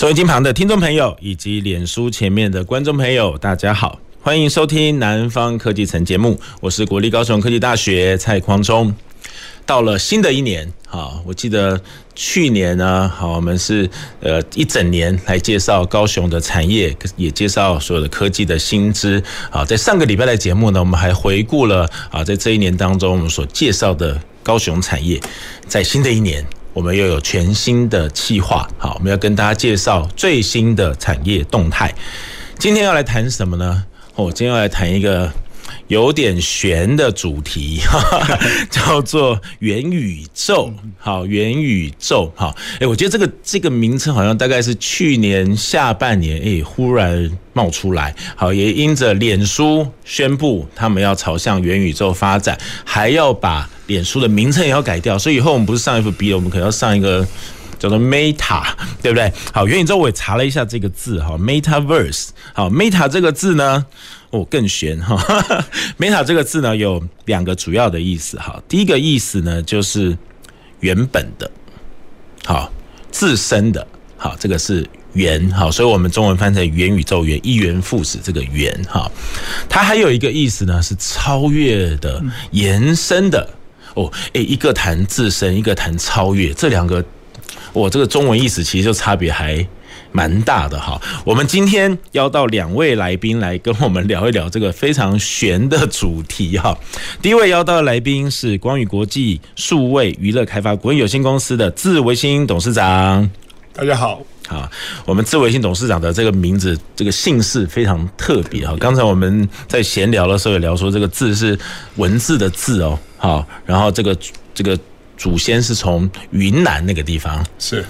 收音機旁的聽眾朋友，以及臉書前面的觀眾朋友，大家好，歡迎收聽《南方科技城》節目。我是國立高雄科技大學蔡匡忠。到了新的一年，啊，我記得去年呢，好，我們是呃一整年來介紹高雄的產業，也介紹所有的科技的新知。啊，在上個禮拜的節目呢，我們還回顧了啊，在這一年當中我們所介紹的高雄產業，在新的一年。我們又有全新的企劃，好，我們要跟大家介紹最新的產業動態。今天要來談什麼呢？哦，今天要來談一個。有點玄的主題， 叫做元宇宙。好，元宇宙。好，誒、欸、我覺得這個這個名稱好像大概是去年下半年，誒、欸、忽然冒出來。好，也因着臉書宣布他們要朝向元宇宙發展，還要把臉書的名稱也要改掉，所以以後我們不是上 F B，我們可能要上一個叫做 Meta，對不對？好，元宇宙我也查了一下這個字，哈，Metaverse。Met verse，好，Meta 這個字呢？哦，更玄哈哈哈，Meta 這個字呢有兩個主要的意思哈。第一個意思呢就是原本的，好自身的，好這個是元，好，所以我們中文翻成元宇宙、元一元復始這個元哈。它還有一個意思呢是超越的、延伸的。哦，誒、欸，一個談自身，一個談超越，這兩個，我、哦、這個中文意思其實就差別還。蠻大的哈，我們今天邀到兩位來賓來跟我們聊一聊這個非常玄的主題哈。第一位邀到的來賓是光禹國際數位娛樂開發股份有限公司的字維新董事長。大家好，啊，我們字維新董事長的這個名字，這個姓氏非常特別哈。剛才我們在閒聊的時候也聊說，這個字是文字的字哦，好，然後這個這個。祖先是從雲南那個地方，是，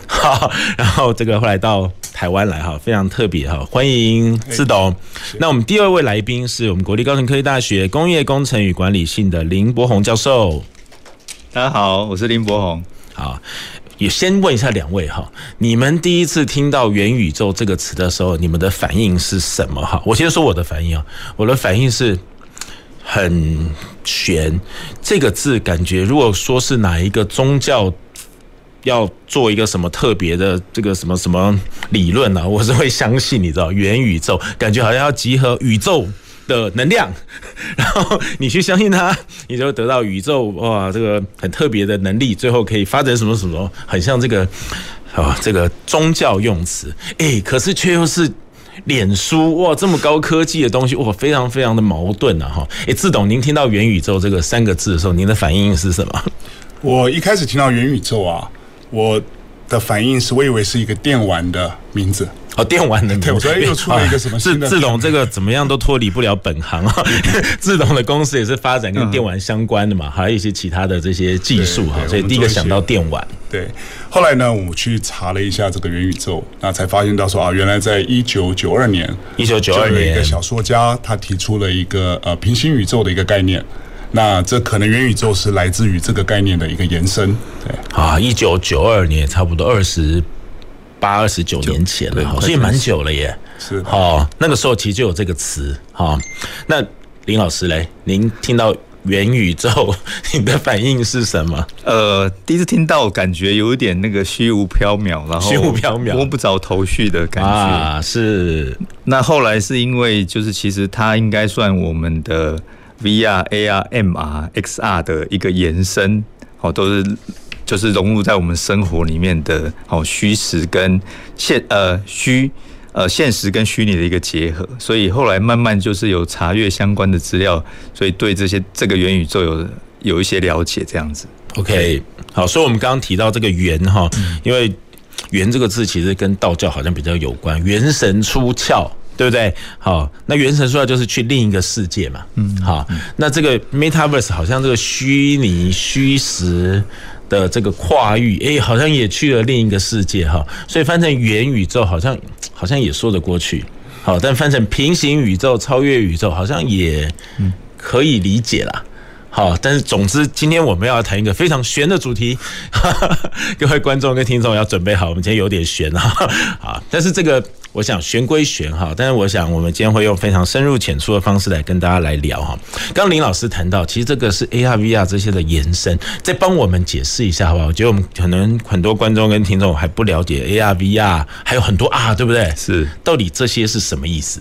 然後這個後來到台灣來哈，非常特別哈，歡迎字董。是那我們第二位來賓是我們國立高雄科技大學工業工程與管理系的林伯鴻教授。大家好，我是林伯鴻。好，也先問一下兩位哈，你們第一次聽到“元宇宙”這個詞的時候，你們的反應是什麼？哈，我先說我的反應啊，我的反應是。很玄，這個字感覺，如果說是哪一個宗教要做一個什麼特別的這個什麼什麼理論呢、啊？我是會相信，你知道，元宇宙感覺好像要集合宇宙的能量，然後你去相信它，你就會得到宇宙哇這個很特別的能力，最後可以發展什麼什麼，很像這個啊這個宗教用詞，哎，可是卻又是。臉書哇，這麼高科技的東西哇，非常非常的矛盾吶、啊、哈！哎、欸，字董，您聽到“元宇宙”這個三個字的時候，您的反應是什麼？我一開始聽到“元宇宙”啊，我的反應是我以為是一個電玩的名字哦，電玩的名字。我覺得又出了一個什麼？字董、啊、這個怎麼樣都脫離不了本行啊，字董的公司也是發展跟電玩相關的嘛，嗯、還有一些其他的這些技術哈，所以第一個想到電玩。對，後來呢，我去查了一下這個元宇宙，那才發現到說啊，原來在一九九二年，一九九二年，一個小說家他提出了一個呃平行宇宙的一個概念，那這可能元宇宙是來自於這個概念的一個延伸。對啊，一九九二年差不多二十八、二十九年前了，9, 對所以蠻久了耶。是的，好、哦，那個時候其實就有這個詞好、哦，那林老師嘞，您聽到？元宇宙，你的反應是什麼？呃，第一次聽到，感覺有一點那個虛無縹緲，然後虛無縹緲，摸不着頭緒的感覺啊。是，那後來是因為，就是其實它應該算我們的 VR、AR、MR、XR 的一個延伸，好、哦，都是就是融入在我們生活裡面的，好、哦，虛實跟現呃虛。呃，現實跟虛擬的一個結合，所以後來慢慢就是有查閱相關的資料，所以對這些這個元宇宙有有一些了解這樣子。OK，好，所以我們剛剛提到這個元哈，因為元這個字其實跟道教好像比較有關，元神出竅，對不對？好，那元神出竅就是去另一個世界嘛。嗯，好，那這個 Metaverse 好像這個虛擬虛實。的這個跨域，哎、欸，好像也去了另一個世界哈，所以翻成元宇宙，好像好像也說得過去。好，但翻成平行宇宙、超越宇宙，好像也可以理解啦。嗯、好，但是總之，今天我們要談一個非常玄的主題，哈哈各位觀眾跟聽眾要準備好，我們今天有點玄啊。但是這個。我想玄歸玄哈，但是我想我們今天會用非常深入淺出的方式來跟大家來聊哈。剛林老師談到，其實這個是 AR、VR 這些的延伸，再幫我們解釋一下好不好？我覺得我們可能很多觀眾跟聽眾還不了解 AR、VR，還有很多 R，對不對？是，到底這些是什麼意思？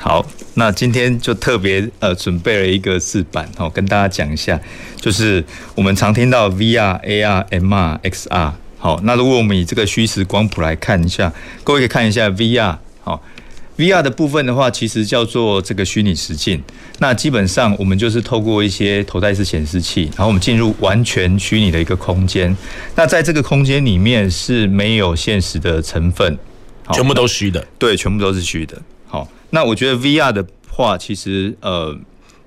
好，那今天就特別呃準備了一個試版，哈、哦，跟大家講一下，就是我們常聽到 VR、AR、MR、XR。好，那如果我們以這個虛實光譜來看一下，各位可以看一下 VR 好。好，VR 的部分的話，其實叫做這個虛擬實境。那基本上我們就是透過一些頭戴式顯示器，然後我們進入完全虛擬的一個空間。那在這個空間裡面是沒有現實的成分，好，全部都虛的。對，全部都是虛的。好，那我覺得 VR 的話，其實呃，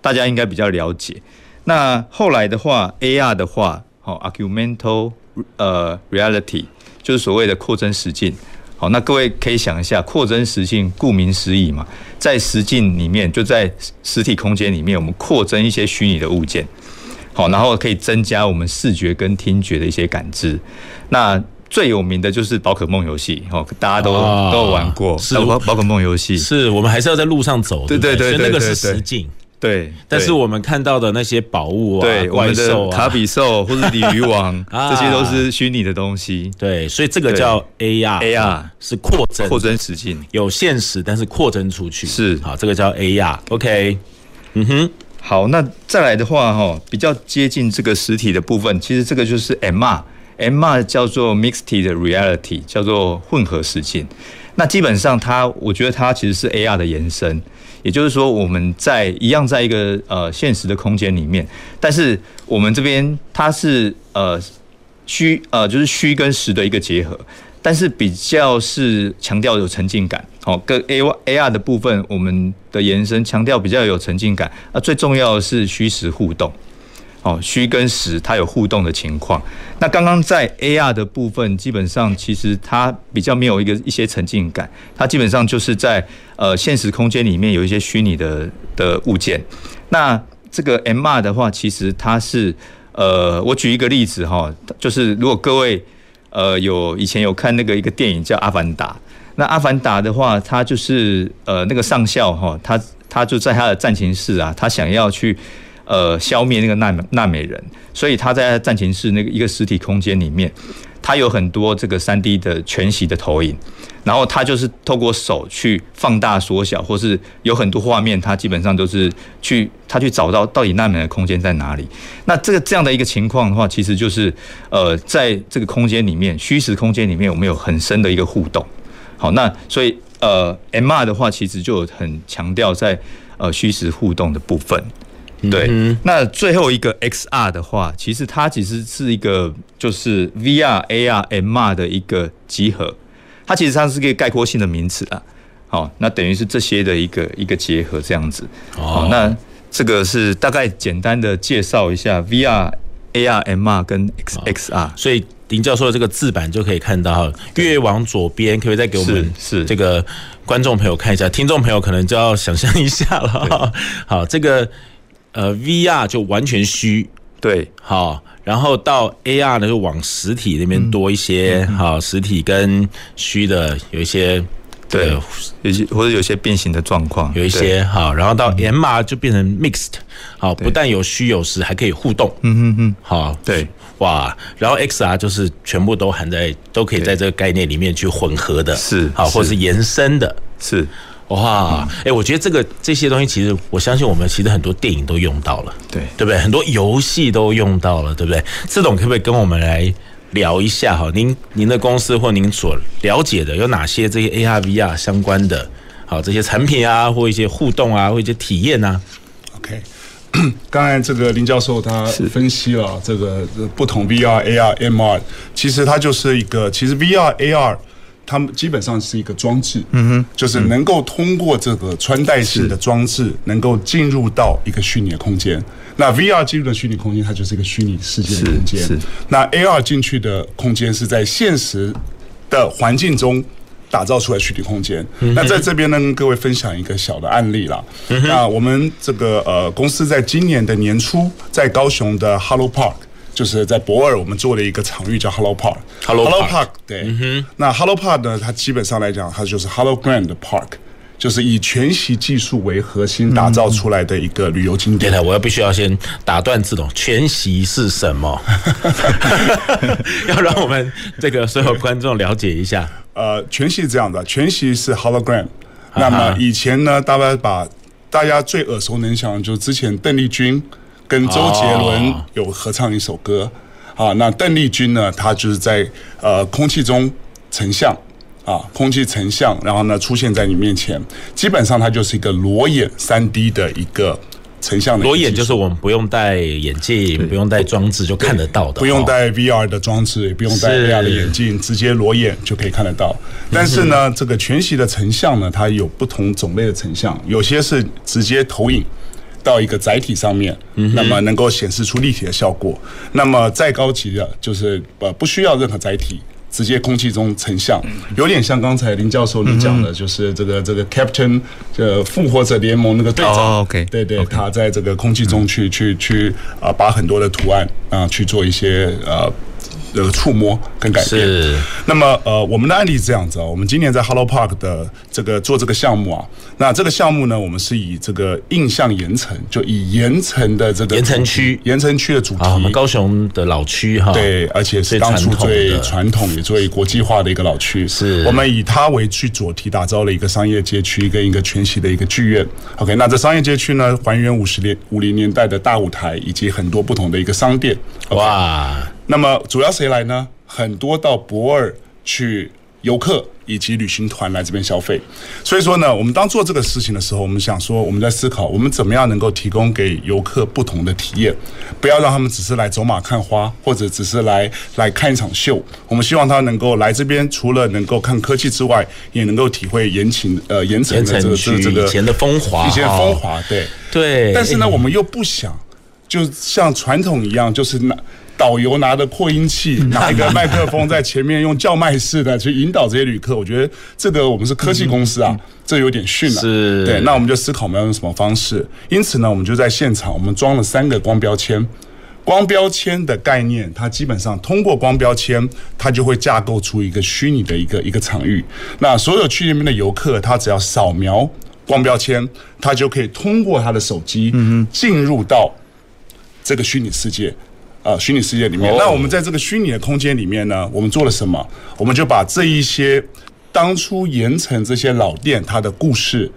大家應該比較了解。那後來的話，AR 的話，好、哦、Augmented 呃、uh,，Reality 就是所謂的擴增實境。好，那各位可以想一下，擴增實境顧名思義嘛，在實境裡面，就在實體空間裡面，我們擴增一些虛擬的物件，好，然後可以增加我們視覺跟聽覺的一些感知。那最有名的就是寶可夢遊戲，好，大家都、啊、都玩過。是寶我可夢遊戲是我們還是要在路上走，對對對對，對，對，對，對對對對，那個是實境。對，對但是我們看到的那些寶物啊，對怪獸啊，我們的卡比獸或者鯉魚王， 啊、這些都是虛擬的東西。對，所以這個叫 A R，A R 是擴增、擴增實境，有現實，但是擴增出去。是，好，這個叫 A R，OK，、okay, 嗯哼，好，那再來的話，哈，比較接近這個實體的部分，其實這個就是 M R，M R 叫做 Mixed Reality，叫做混合實境。那基本上，它，我覺得它其實是 A R 的延伸。也就是說，我們在一樣在一個呃現實的空間裡面，但是我們這邊它是呃虛呃就是虛跟實的一個結合，但是比較是強調有沉浸感，哦，跟 AR 的部分，我們的延伸強調比較有沉浸感啊，最重要的是虛實互動。哦，虛跟實它有互動的情況。那剛剛在 A R 的部分，基本上其實它比較沒有一個一些沉浸感，它基本上就是在呃現實空間裡面有一些虛擬的的物件。那這個 M R 的話，其實它是呃，我舉一個例子哈、哦，就是如果各位呃有以前有看那個一個電影叫《阿凡達》，那《阿凡達》的話，它就是呃那個上校哈，他、哦、他就在他的戰情室啊，他想要去。呃，消滅那個納納美人，所以他在戰情室那個一個實體空間裡面，他有很多這個三 D 的全息的投影，然後他就是透過手去放大、縮小，或是有很多畫面，他基本上都是去他去找到到底納美的空間在哪裡。那這個這樣的一個情況的話，其實就是呃，在這個空間裡面，虛實空間裡面，我們有很深的一個互動。好，那所以呃，MR 的話，其實就有很強調在呃虛實互動的部分。對，那最後一個 XR 的話，其實它其實是一個就是 VR、AR、MR 的一個集合，它其實上是一個概括性的名詞啊，好、哦，那等於是這些的一個一個結合這樣子。哦，哦，那這個是大概簡單的介紹一下 VR、嗯、AR、MR 跟 XR。所以林教授的這個字板就可以看到，越對往左邊，可不可以再給我們是是這個觀眾朋友看一下？聽眾朋友可能就要想象一下了。對好，這個。呃，VR 就完全虛，對，好，然後到 AR 呢，就往實體那邊多一些，好，實體跟虛的有一些，對，有些或者有些變形的狀況，有一些好，然後到 MR 就變成 mixed，好，不但有虛有實，還可以互動，嗯嗯嗯，好，對，哇，然後 XR 就是全部都含在，都可以在這個概念裡面去混合的，是，好，或者是延伸的，是。哇，哎，我覺得這個這些東西，其實我相信我們其實很多電影都用到了，對，對不對？很多遊戲都用到了，對不對？這種可不可以跟我們來聊一下哈？您您的公司或您所了解的有哪些這些 AR、VR 相關的，好這些產品啊，或一些互動啊，或一些體驗呢？啊？OK，剛才這個林教授他分析了是、這個、這個不同 VR、AR、MR，其實它就是一個，其實 VR、AR。它們基本上是一個裝置，嗯哼，就是能夠通過這個穿戴式的裝置，能夠進入到一個虛擬的空間。是那 VR 進入的虛擬空間，它就是一個虛擬世界空間是。是，那 AR 進去的空間是在現實的環境中打造出來的虛擬空間。嗯、哼那在這邊呢，跟各位分享一個小的案例了。嗯、哼那我們這個呃公司在今年的年初，在高雄的 Hello Park。就是在博爾，我們做了一個場域叫 Hello Park，Hello Park，對。嗯、哼那 Hello Park 呢，它基本上來講，它就是 Hologram 的 Park，、嗯、就是以全息技術為核心打造出來的一個旅遊景點。嗯嗯、對的，我要必須要先打斷這種，全息是什麼？ 要讓我們這個所有觀眾了解一下。呃，全息這樣的，全息是 Hologram 那麼以前呢，大家把大家最耳熟能詳的，就是之前鄧麗君。跟周杰倫有合唱一首歌啊、哦，那鄧麗君呢？她就是在呃空氣中成像啊，空氣成像，然後呢出現在你面前。基本上它就是一個裸眼 3D 的一個成像。裸眼就是我們不用戴眼鏡，對不用戴裝置就看得到的。不，不用戴 VR 的裝置，也不用戴 VR 的眼鏡，直接裸眼就可以看得到。但是呢，這個全息的成像呢，它有不同種類的成像，有些是直接投影。嗯到一個載體上面，那麼能夠顯示出立體的效果。那麼再高級的，就是呃不需要任何載體，直接空氣中成像，有點像剛才林教授你講的，嗯、哼就是這個這個 Captain，呃，復仇者聯盟那個隊長，哦、對對，哦、okay, 他在這個空氣中去 okay. 去去啊，把很多的圖案啊去做一些呃。啊的觸摸跟改變。是。那麼，呃，我們的案例是這樣子啊、喔，我們今年在 Hello Park 的這個做這個項目啊，那這個項目呢，我們是以這個印象鹽埕，就以鹽埕的這個鹽埕區，鹽埕區的主題，啊、我們高雄的老區哈。對，而且是當初最傳統也最國際化的一個老區。是。我們以它為去主題，打造了一個商業街區跟一個全息的一個劇院。OK，那這商業街區呢，還原五十年五零年代的大舞台，以及很多不同的一個商店、okay。哇。那麼主要誰來呢？很多到博爾去遊客以及旅行團來這邊消費，所以說呢，我們當做這個事情的時候，我們想說我們在思考，我們怎麼樣能夠提供給遊客不同的體驗，不要讓他們只是來走馬看花，或者只是來來看一場秀。我們希望他能夠來這邊，除了能夠看科技之外，也能夠體會鹽埕呃鹽埕的是這個以前的風華，以前風華對、哦、對。但是呢，嗯、我們又不想就像傳統一樣，就是那。導遊拿着擴音器，拿一個麥克風在前面用叫賣式的去引導這些旅客。 我覺得這個我們是科技公司啊，嗯嗯、這有點遜了。是。對，那我們就思考我們要用什麼方式。因此呢，我們就在現場，我們裝了三個光標籤。光標籤的概念，它基本上通過光標籤，它就會架構出一個虛擬的一個一個場域。那所有去那邊的遊客，他只要掃描光標籤，他就可以通過他的手機，嗯嗯，進入到這個虛擬世界。啊，虛擬世界裡面，oh. 那我們在這個虛擬的空間裡面呢，我們做了什麼？我們就把這一些當初鹽埕這些老店它的故事、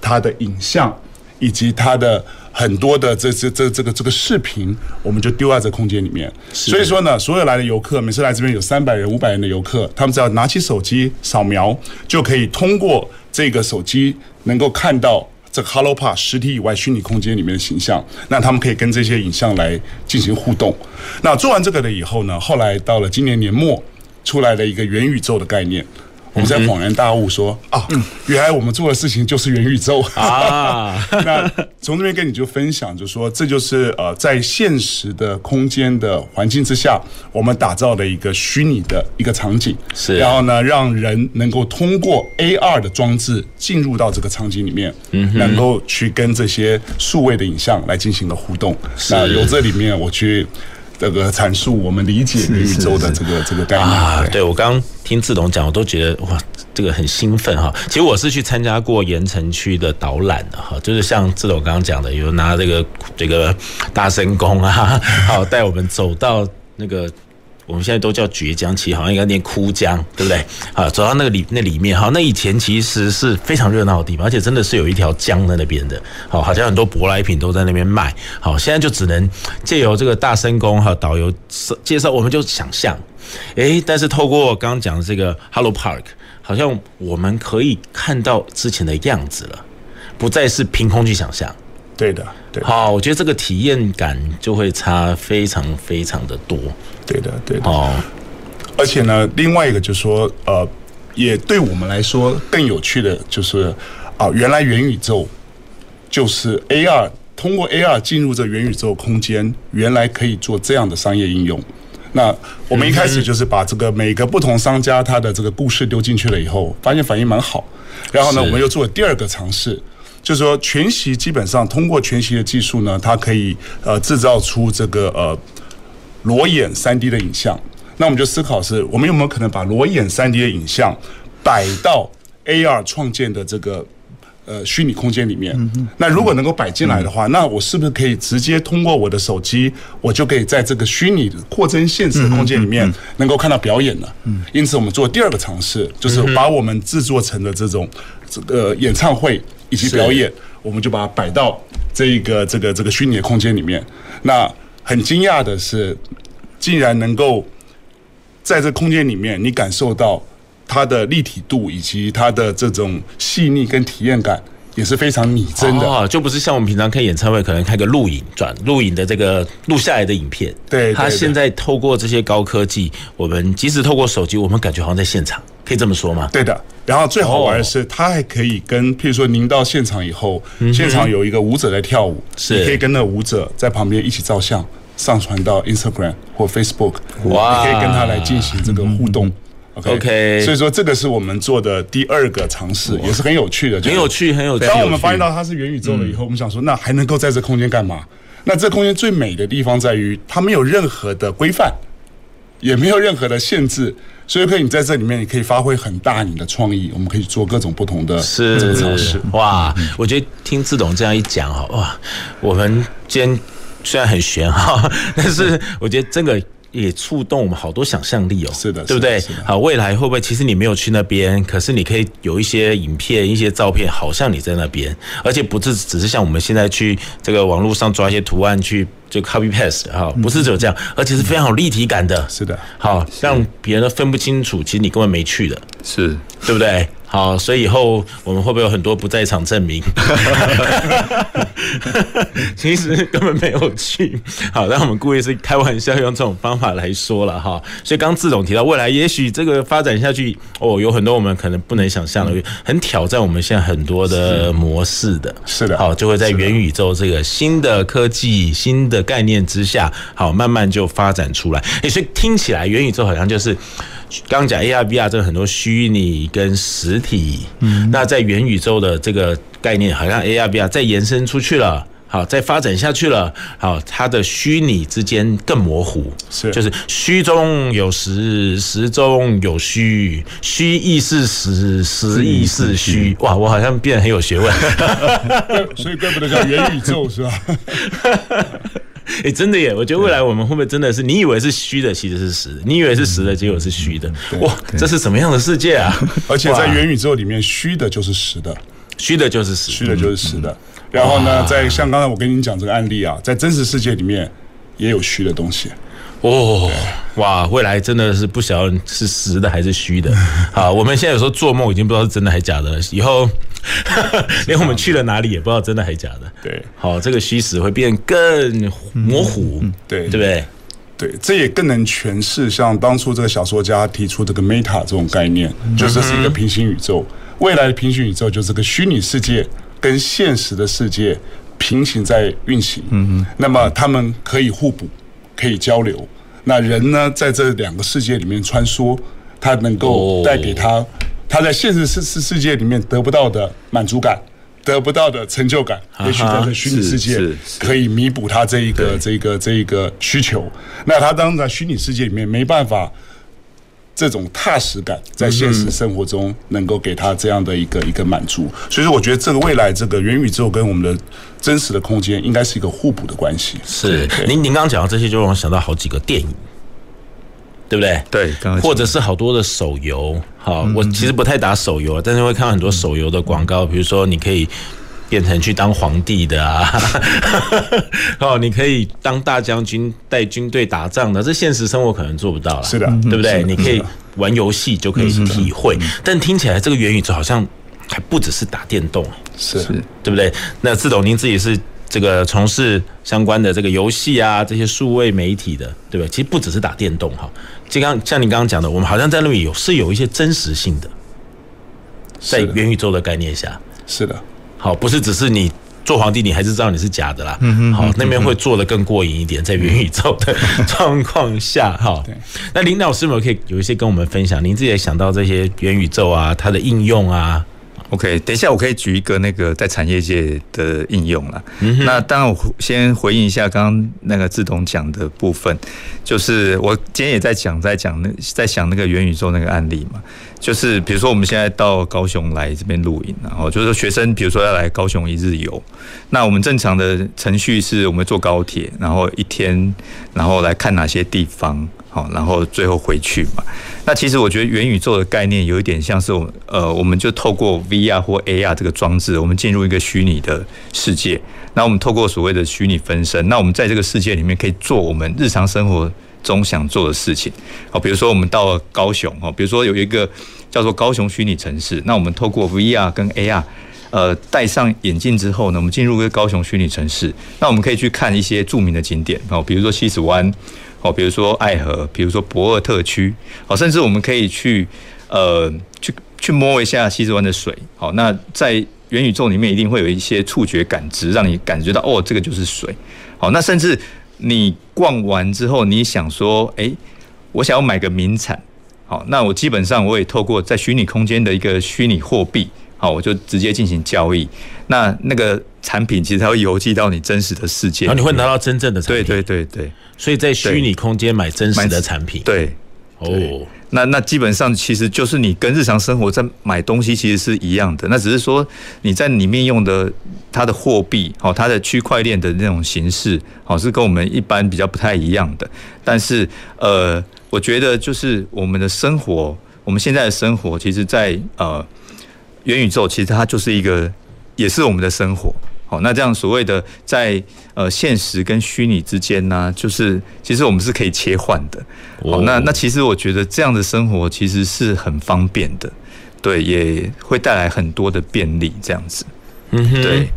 它的影像，以及它的很多的這這這這個這個視頻，我們就丟在這空間裡面。是的。所以說呢，所有來的遊客，每次來這邊有三百人、五百人的遊客，他們只要拿起手機掃描，就可以通過這個手機能夠看到。這個 Hello Park 實體以外虛擬空間裡面的形象，那他們可以跟這些影像來進行互動。那做完這個的以後呢，後來到了今年年末，出來了一個元宇宙的概念。我們在恍然大悟，說啊，嗯、原來我們做的事情就是元宇宙啊。 那從這邊跟你就分享，就說這就是呃，在現實的空間的環境之下，我們打造了一個虛擬的一個場景，是。然後呢，讓人能夠通過 AR 的裝置進入到這個場景裡面，嗯哼，能夠去跟這些數位的影像來進行的互動，是。那由這裡面我去。這個闡述我們理解宇宙的這個這個概念是是是啊。對，我剛聽志龍講，我都覺得哇，這個很興奮哈。其實我是去參加過鹽埕區的導覽的哈，就是像志龍剛剛講的，有拿這個這個大聲公啊，好帶我們走到那個。我們現在都叫崛江，其實好像應該念堀江，對不對？好，走到那個裡那裡面，哈，那以前其實是非常熱鬧的地方，而且真的是有一條江在那邊的，好，好像很多舶來品都在那邊賣。好，現在就只能借由這個大聲公和導遊介紹，我們就想象，誒，但是透過剛剛講的這個 Hello Park，好像我們可以看到之前的樣子了，不再是憑空去想象。對的，對的。好，我覺得這個體驗感就會差非常非常的多。對的，對的。哦好，而且呢，另外一個就是說，呃，也對我們來說更有趣的就是，啊、呃，原來元宇宙就是 AR，通過 AR 進入這元宇宙空間，原來可以做這樣的商業應用。那我們一開始就是把這個每個不同商家他的這個故事丟進去了以後，發現反應蠻好。然後呢，是我們又做了第二個嘗試。就是說，全息基本上通過全息的技術呢，它可以呃制造出這個呃裸眼 3D 的影像。那我們就思考是，我們有沒有可能把裸眼 3D 的影像擺到 AR 創建的這個。呃，虛擬空間裡面，嗯、哼那如果能夠擺進來的話，嗯、哼那我是不是可以直接通過我的手機，嗯、哼我就可以在這個虛擬的擴增現實的空間裡面，能夠看到表演了？嗯哼，因此我們做第二個嘗試，嗯、哼就是把我們製作成的這種這個、呃、演唱會以及表演，是我們就把它擺到這一個這個這個虛擬的空間裡面。那很驚訝的是，竟然能夠在這空間裡面，你感受到。它的立體度以及它的這種細膩跟體驗感也是非常擬真的，哦、就不是像我們平常看演唱會，可能看個錄影轉錄影的這個錄下來的影片。對，它現在透過這些高科技，我們即使透過手機，我們感覺好像在現場，可以這麼說嗎？對的。然後最好玩的是，哦、它還可以跟，譬如說您到現場以後，現場有一個舞者在跳舞，嗯、哼你可以跟那舞者在旁邊一起照相，上傳到 Instagram 或 Facebook，、嗯、哇，你可以跟他來進行這個互動、嗯。OK，, okay 所以說這個是我們做的第二個嘗試，哦、也是很有趣的，就是、很有趣，很有趣。當我們發現到它是元宇宙了以後，嗯、我們想說，那還能夠在這空間幹嘛？那這空間最美的地方在於，它沒有任何的規範，也沒有任何的限制，所以可以你在這裡面，你可以發揮很大你的創意，我們可以做各種不同的各種嘗試。哇，嗯、我覺得聽志董這樣一講哦，哇，我們今天雖然很玄哈，但是我覺得這個。也觸動我們好多想象力哦，是的，是的，對不對？好，未來會不會其實你沒有去那邊，可是你可以有一些影片、一些照片，好像你在那邊，而且不是只是像我們現在去這個網絡上抓一些圖案去就 copy paste 哈，pass, 不是只有這樣，嗯，而且是非常有立體感的，是的，好，讓別人都分不清楚，其實你根本沒去的，是，對不對？ 好，所以以後我們會不會有很多不在場證明？ 其實根本沒有去。好，但我們故意是開玩笑，用這種方法來說了哈。所以剛志總提到未來，也許這個發展下去，哦，有很多我們可能不能想象的，嗯、很挑戰我們現在很多的模式的。是的，好，就會在元宇宙這個新的科技、新的概念之下，好，慢慢就發展出來。哎，所以聽起來元宇宙好像就是。剛講 A R V R 真的很多虛擬跟實體，嗯，嗯，那在元宇宙的這個概念，好像 A R V R 再延伸出去了，好，再發展下去了，好，它的虛擬之間更模糊，是、啊，就是虛中有實，實中有虛，虛亦是實，實亦是虛。哇，我好像變得很有學問， 所以怪不得叫元宇宙，是吧？ 誒，欸、真的耶！我覺得未來我們會不會真的是對你以為是虛的，其實是實的；你以為是實的，結果是虛的。嗯、哇，這是什麼樣的世界啊！而且在元宇宙裡面，虛的就是實的，虛的就是實的，虛的就是實的。然後呢，哇在像剛才我跟你講這個案例啊，在真實世界裡面也有虛的東西。哦，oh, 對哇！未來真的是不曉得是實的還是虛的。好，我們現在有時候做夢已經不知道是真的還假的了，以後 連我們去了哪裡也不知道真的還假的。對，好，這個虛實會變更模糊，嗯、對，對不對？對，這也更能詮釋像當初這個小說家提出這個 Meta 這種概念，就是、是一個平行宇宙，未來的平行宇宙就是個虛擬世界跟現實的世界平行在運行。嗯嗯，嗯，那麼他們可以互補。可以交流，那人呢，在這兩個世界裡面穿梭，他能夠帶給他，oh. 他在現實世世世界裡面得不到的滿足感，得不到的成就感，也許在虛擬世界可以彌補他這一個、oh. 這一個、這一個需求。那他當在虛擬世界裡面沒辦法。這種踏實感在現實生活中能夠給他這樣的一個一個滿足，所以說我覺得這個未來這個元宇宙跟我們的真實的空間應該是一個互補的關係。是，您您剛剛講到這些，就讓我想到好幾個電影，對不對？對，剛才或者是好多的手遊好、嗯嗯嗯哦，我其實不太打手遊，但是會看到很多手遊的廣告，比如說你可以。變成去當皇帝的啊，哦，你可以當大將軍帶軍隊打仗的，這現實生活可能做不到了，是的，對不對？是的 你可以玩遊戲就可以去體會，但聽起來這個元宇宙好像還不只是打電動，是，對不對？是的 那字董，您自己是這個從事相關的這個遊戲啊，這些數位媒體的，對吧？其實不只是打電動哈，就剛像您剛剛講的，我們好像在那裡有是有一些真實性的，在元宇宙的概念下，是的。好，不是只是你做皇帝，你還是知道你是假的啦。嗯哼。好，嗯、哼那邊會做得更過癮一點，在元宇宙的狀況、嗯、哼下，哈。對那林老師有沒有可以有一些跟我們分享？林子也想到這些元宇宙啊，它的應用啊。OK，等一下我可以舉一個那個在產業界的應用啦。嗯哼。那當然，我先回應一下剛剛那個志董講的部分，就是我今天也在講，在講那在想那個元宇宙那個案例嘛。就是比如說我們現在到高雄來這邊露營。然後就是說學生，比如說要來高雄一日遊，那我們正常的程序，是我們坐高鐵，然後一天，然後來看哪些地方，好，然後最後回去嘛。那其實我覺得元宇宙的概念有一點像是我們，呃，我們就透過 VR 或 AR 這個裝置，我們進入一個虛擬的世界。那我們透過所謂的虛擬分身，那我們在這個世界裡面可以做我們日常生活總想做的事情，好，比如說我們到了高雄哦，比如說有一個叫做高雄虛擬城市，那我們透過 VR 跟 AR，呃，戴上眼鏡之後呢，我們進入一個高雄虛擬城市，那我們可以去看一些著名的景點哦，比如說西子灣，哦，比如說愛河，比如說駁二特區，好，甚至我們可以去呃，去去摸一下西子灣的水，好，那在元宇宙裡面一定會有一些觸覺感知，讓你感覺到哦，這個就是水，好，那甚至。你逛完之後，你想說：“哎、欸，我想要買個名產。”好，那我基本上我也透過在虛擬空間的一個虛擬貨幣，好，我就直接進行交易。那那個產品其實它會郵寄到你真實的世界，然後你會拿到真正的產品，對對對對對。所以在虛擬空間買真實的產品，對。哦，那那基本上其實就是你跟日常生活在買東西其實是一樣的，那只是說你在裡面用的它的貨幣，好，它的區塊鏈的那種形式，好，是跟我們一般比較不太一樣的。但是呃，我覺得就是我們的生活，我們現在的生活，其實在，在呃元宇宙，其實它就是一個，也是我們的生活。那這樣所謂的在呃現實跟虛擬之間呢、啊，就是其實我們是可以切換的。Oh. 那那其實我覺得這樣的生活其實是很方便的，對，也會帶來很多的便利，這樣子。嗯哼、mm。Hmm. 對。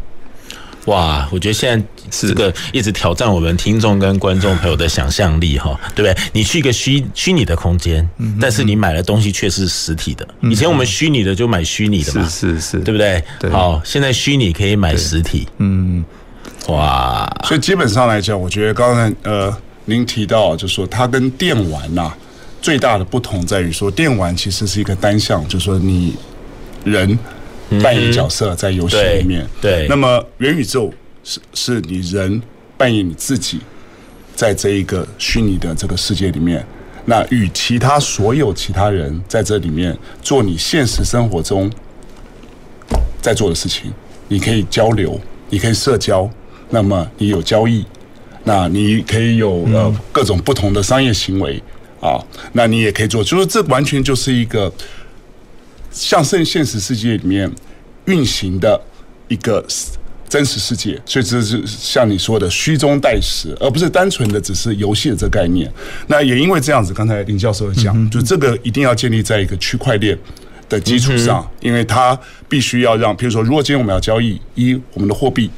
哇，我覺得現在這個一直挑戰我們聽眾跟觀眾朋友的想象力，哈是，對不對？你去一個虛虛擬的空間，嗯嗯但是你買的東西卻是實體的。嗯、哼以前我們虛擬的就買虛擬的嘛，是是是，對不對？對好，現在虛擬可以買實體，嗯，哇。所以基本上來講，我覺得剛才呃，您提到就是說它跟電玩吶、啊嗯、最大的不同在於說，電玩其實是一個單向，就是說你人。扮演角色在遊戲裡面，嗯、對，對，那麼元宇宙是是你人扮演你自己，在這一個虛擬的這個世界裡面，那與其他所有其他人在這裡面做你現實生活中在做的事情，你可以交流，你可以社交，那麼你有交易，那你可以有呃各種不同的商業行為、嗯、啊，那你也可以做，就是這完全就是一個。像是現實世界裡面運行的一個真實世界，所以這是像你說的虛中帶實，而不是單純的只是遊戲的這個概念。那也因為這樣子，剛才林教授也講，就這個一定要建立在一個區塊鏈的基礎上，因為它必須要讓，比如說，如果今天我們要交易，一我們的貨幣，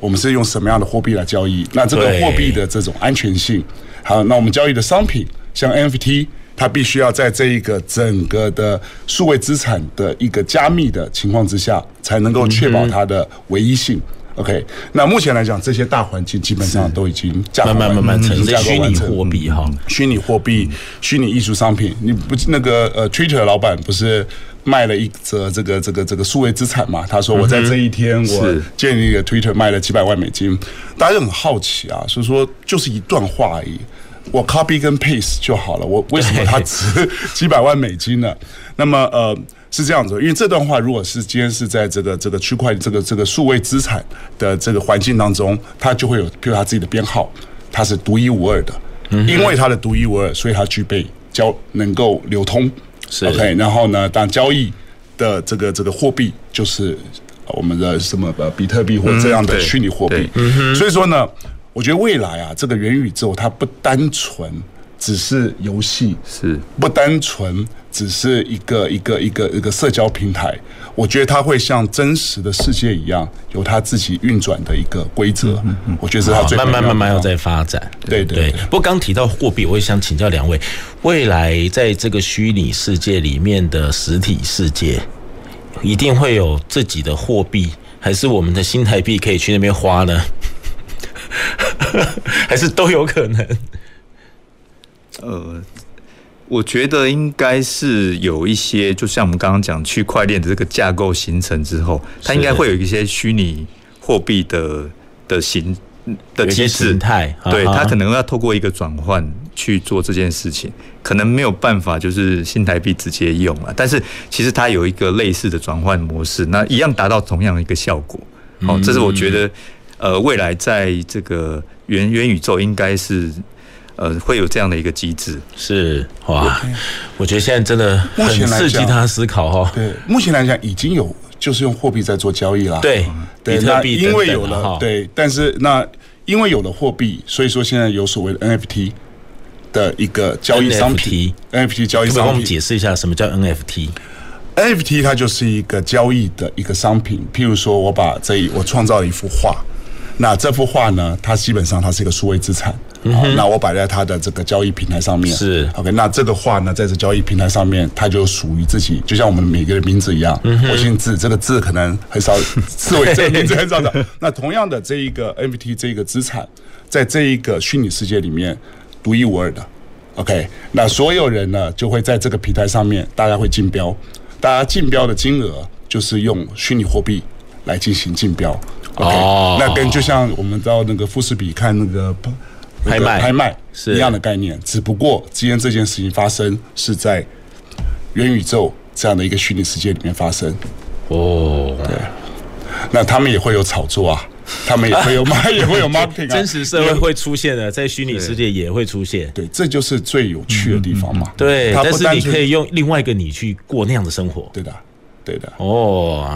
我們是用什麼樣的貨幣來交易？那這個貨幣的這種安全性，還有那我們交易的商品，像 NFT。它必須要在這一個整個的數位資產的一個加密的情況之下，才能夠確保它的唯一性。嗯嗯 OK，那目前來講，這些大環境基本上都已經慢慢慢慢成虛擬貨幣哈，虛擬貨幣、虛擬藝術商品。你不那個呃，Twitter 老闆不是賣了一則這個這個這個這個數位資產嘛？他說我在這一天我建立一個 Twitter 賣了幾百萬美金，大家很好奇啊，所以說就是一段話而已。我 copy 跟 paste 就好了。我為什麼它值幾百萬美金呢？對。那麼呃是這樣子，因為這段話如果是今天是在這個這個區塊這個這個數位資產的這個環境當中，它就會有比如它自己的編號，它是獨一無二的。嗯哼。因為它的獨一無二，所以它具備交能夠流通。是。OK，然後呢，當交易的這個這個貨幣就是我們的什麼比特幣或這樣的虛擬貨幣，嗯嗯、所以說呢。我覺得未來啊，這個元宇宙它不單純只是遊戲，是不單純只是一個一個一個一個社交平台。我覺得它會像真實的世界一樣，有它自己運轉的一個規則。嗯嗯，我覺得它最大的慢慢慢慢要再發展，對對，對，對。不過剛提到貨幣，我也想請教兩位：未來在這個虛擬世界裡面的實體世界，一定會有自己的貨幣，還是我們的新台幣可以去那邊花呢？ 還是都有可能。 呃，我覺得應該是有一些，就像我們剛剛講區塊鏈的這個架構形成之後，它應該會有一些虛擬貨幣的的形的機制。態，對，啊啊啊它可能要透過一個轉換去做這件事情，可能沒有辦法就是新台幣直接用啊。但是其實它有一個類似的轉換模式，那一樣達到同樣的一個效果。好、哦，這是我覺得。呃，未來在這個元元宇宙，應該是呃會有這樣的一個機制。是哇，我覺得現在真的，目前來講，很刺激他思考哈、哦。對，目前來講已經有，就是用貨幣在做交易了。對，比特幣因為有了，等等對，但是那因為有了貨幣，所以說現在有所謂的 NFT 的一個交易商品。NFT 交易商品，我們解釋一下什麼叫 NFT。NFT 它就是一個交易的一個商品，譬如說我把這一我創造了一幅畫。那這幅畫呢，它基本上它是一個數位資產。嗯哼啊、那我擺在它的這個交易平台上面。是，OK。那這個畫呢，在這交易平台上面，它就屬於自己，就像我們每個人名字一樣，嗯、哼我姓字，這個字可能很少，字尾對、這個、名字很少的。對那同樣的，這一個 NFT 這一個資產，在這一個虛擬世界裡面獨一無二的。OK，那所有人呢，就會在這個平台上面，大家會競標，大家競標的金額就是用虛擬貨幣來進行競標。Okay, 哦，那跟就像我們到那個富士比看那個拍賣拍賣是一樣的概念，是只不過今天這件事情發生是在元宇宙這樣的一個虛擬世界裡面發生。哦，對,對，那他們也會有炒作啊，他們也會有嗎？也會、啊、有,有 marketing 啊真實社會會,有會出現的，在虛擬世界也會出現對。對，這就是最有趣的地方嘛。嗯、對，不但是你可以用另外一個你去過那樣的生活。對的。對的哦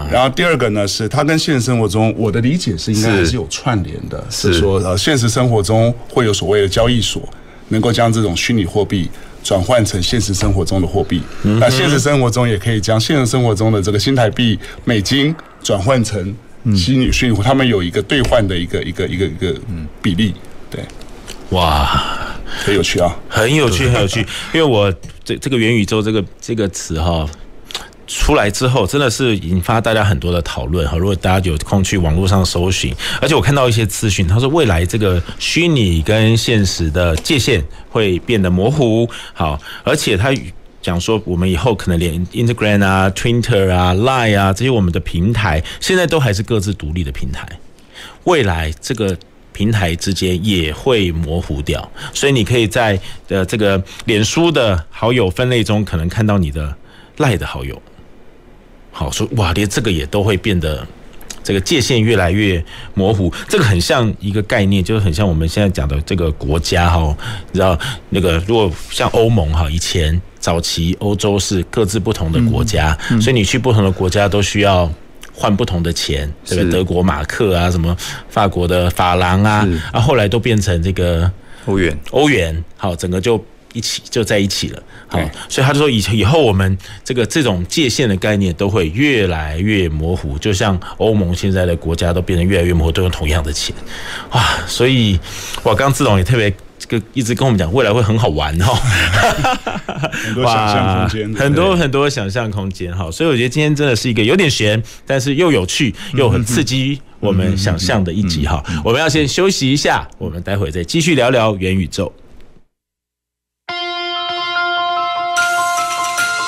，oh. 然後第二個呢，是他跟現實生活中，我的理解是應該還是有串聯的，是，是說呃，現實生活中會有所謂的交易所，能夠將這種虛擬貨幣轉換成現實生活中的貨幣，mm hmm. 那現實生活中也可以將現實生活中的這個新台幣、美金轉換成虛擬、mm hmm. 虛擬，他們有一個兌換的一個一個一個一個比例，對，哇，Wow. 很有趣啊、哦，很有趣，很有趣，因為我這這個元宇宙這個這個詞哈、哦。出來之後，真的是引發大家很多的討論哈。如果大家有空去網絡上搜尋，而且我看到一些資訊，他說未來這個虛擬跟現實的界限會變得模糊。好，而且他講說，我們以後可能連 Instagram 啊、Twitter 啊、Line 啊這些我們的平台，現在都還是各自獨立的平台，未來這個平台之間也會模糊掉。所以你可以在呃這個臉書的好友分類中，可能看到你的 Line 的好友。好，所以哇，連這個也都會變得，這個界限越來越模糊。這個很像一個概念，就是很像我們現在講的這個國家哦，你知道那個如果像歐盟哈，以前早期歐洲是各自不同的國家，嗯嗯、所以你去不同的國家都需要換不同的錢，這個是德國馬克啊，什麼法國的法郎啊，是啊，後來都變成這個歐元，歐元，好，整個就一起就在一起了。對、哦，所以他就說以以後我們這個這種界限的概念都會越來越模糊，就像歐盟現在的國家都變得越來越模糊，都用同樣的錢，哇、啊！所以，哇，剛剛字董也特別這個一直跟我們講，未來會很好玩哈，很多想象空間，很多很多想象空間哈，所以我覺得今天真的是一個有點玄，但是又有趣又很刺激我們想象的一集哈，我們要先休息一下，我們待會再繼續聊聊元宇宙。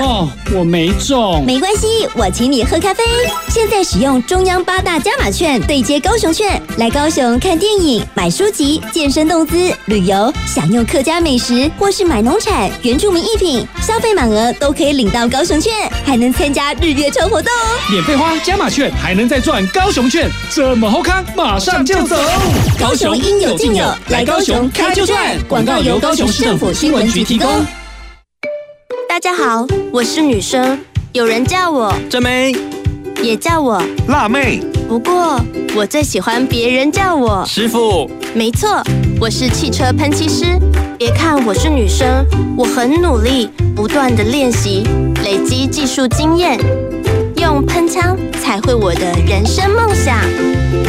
哦，我沒中，沒關係，我請你喝咖啡。現在使用中央八大加碼券對接高雄券，來高雄看電影、買書籍、健身動滋、旅遊，享用客家美食或是買農產、原住民藝品，消費滿額都可以領到高雄券，還能參加日月抽活動哦，免費花加碼券還能再賺高雄券，這麼好康馬上就走。高雄應有盡有，來高雄，開就賺。廣告由高雄市政府新聞局提供。大家好，我是女生。有人叫我正妹，也叫我辣妹。不過我最喜歡別人叫我師傅。沒錯，我是汽車噴漆師。別看我是女生，我很努力，不斷地練習，累積技術經驗，用噴槍彩繪我的人生夢想。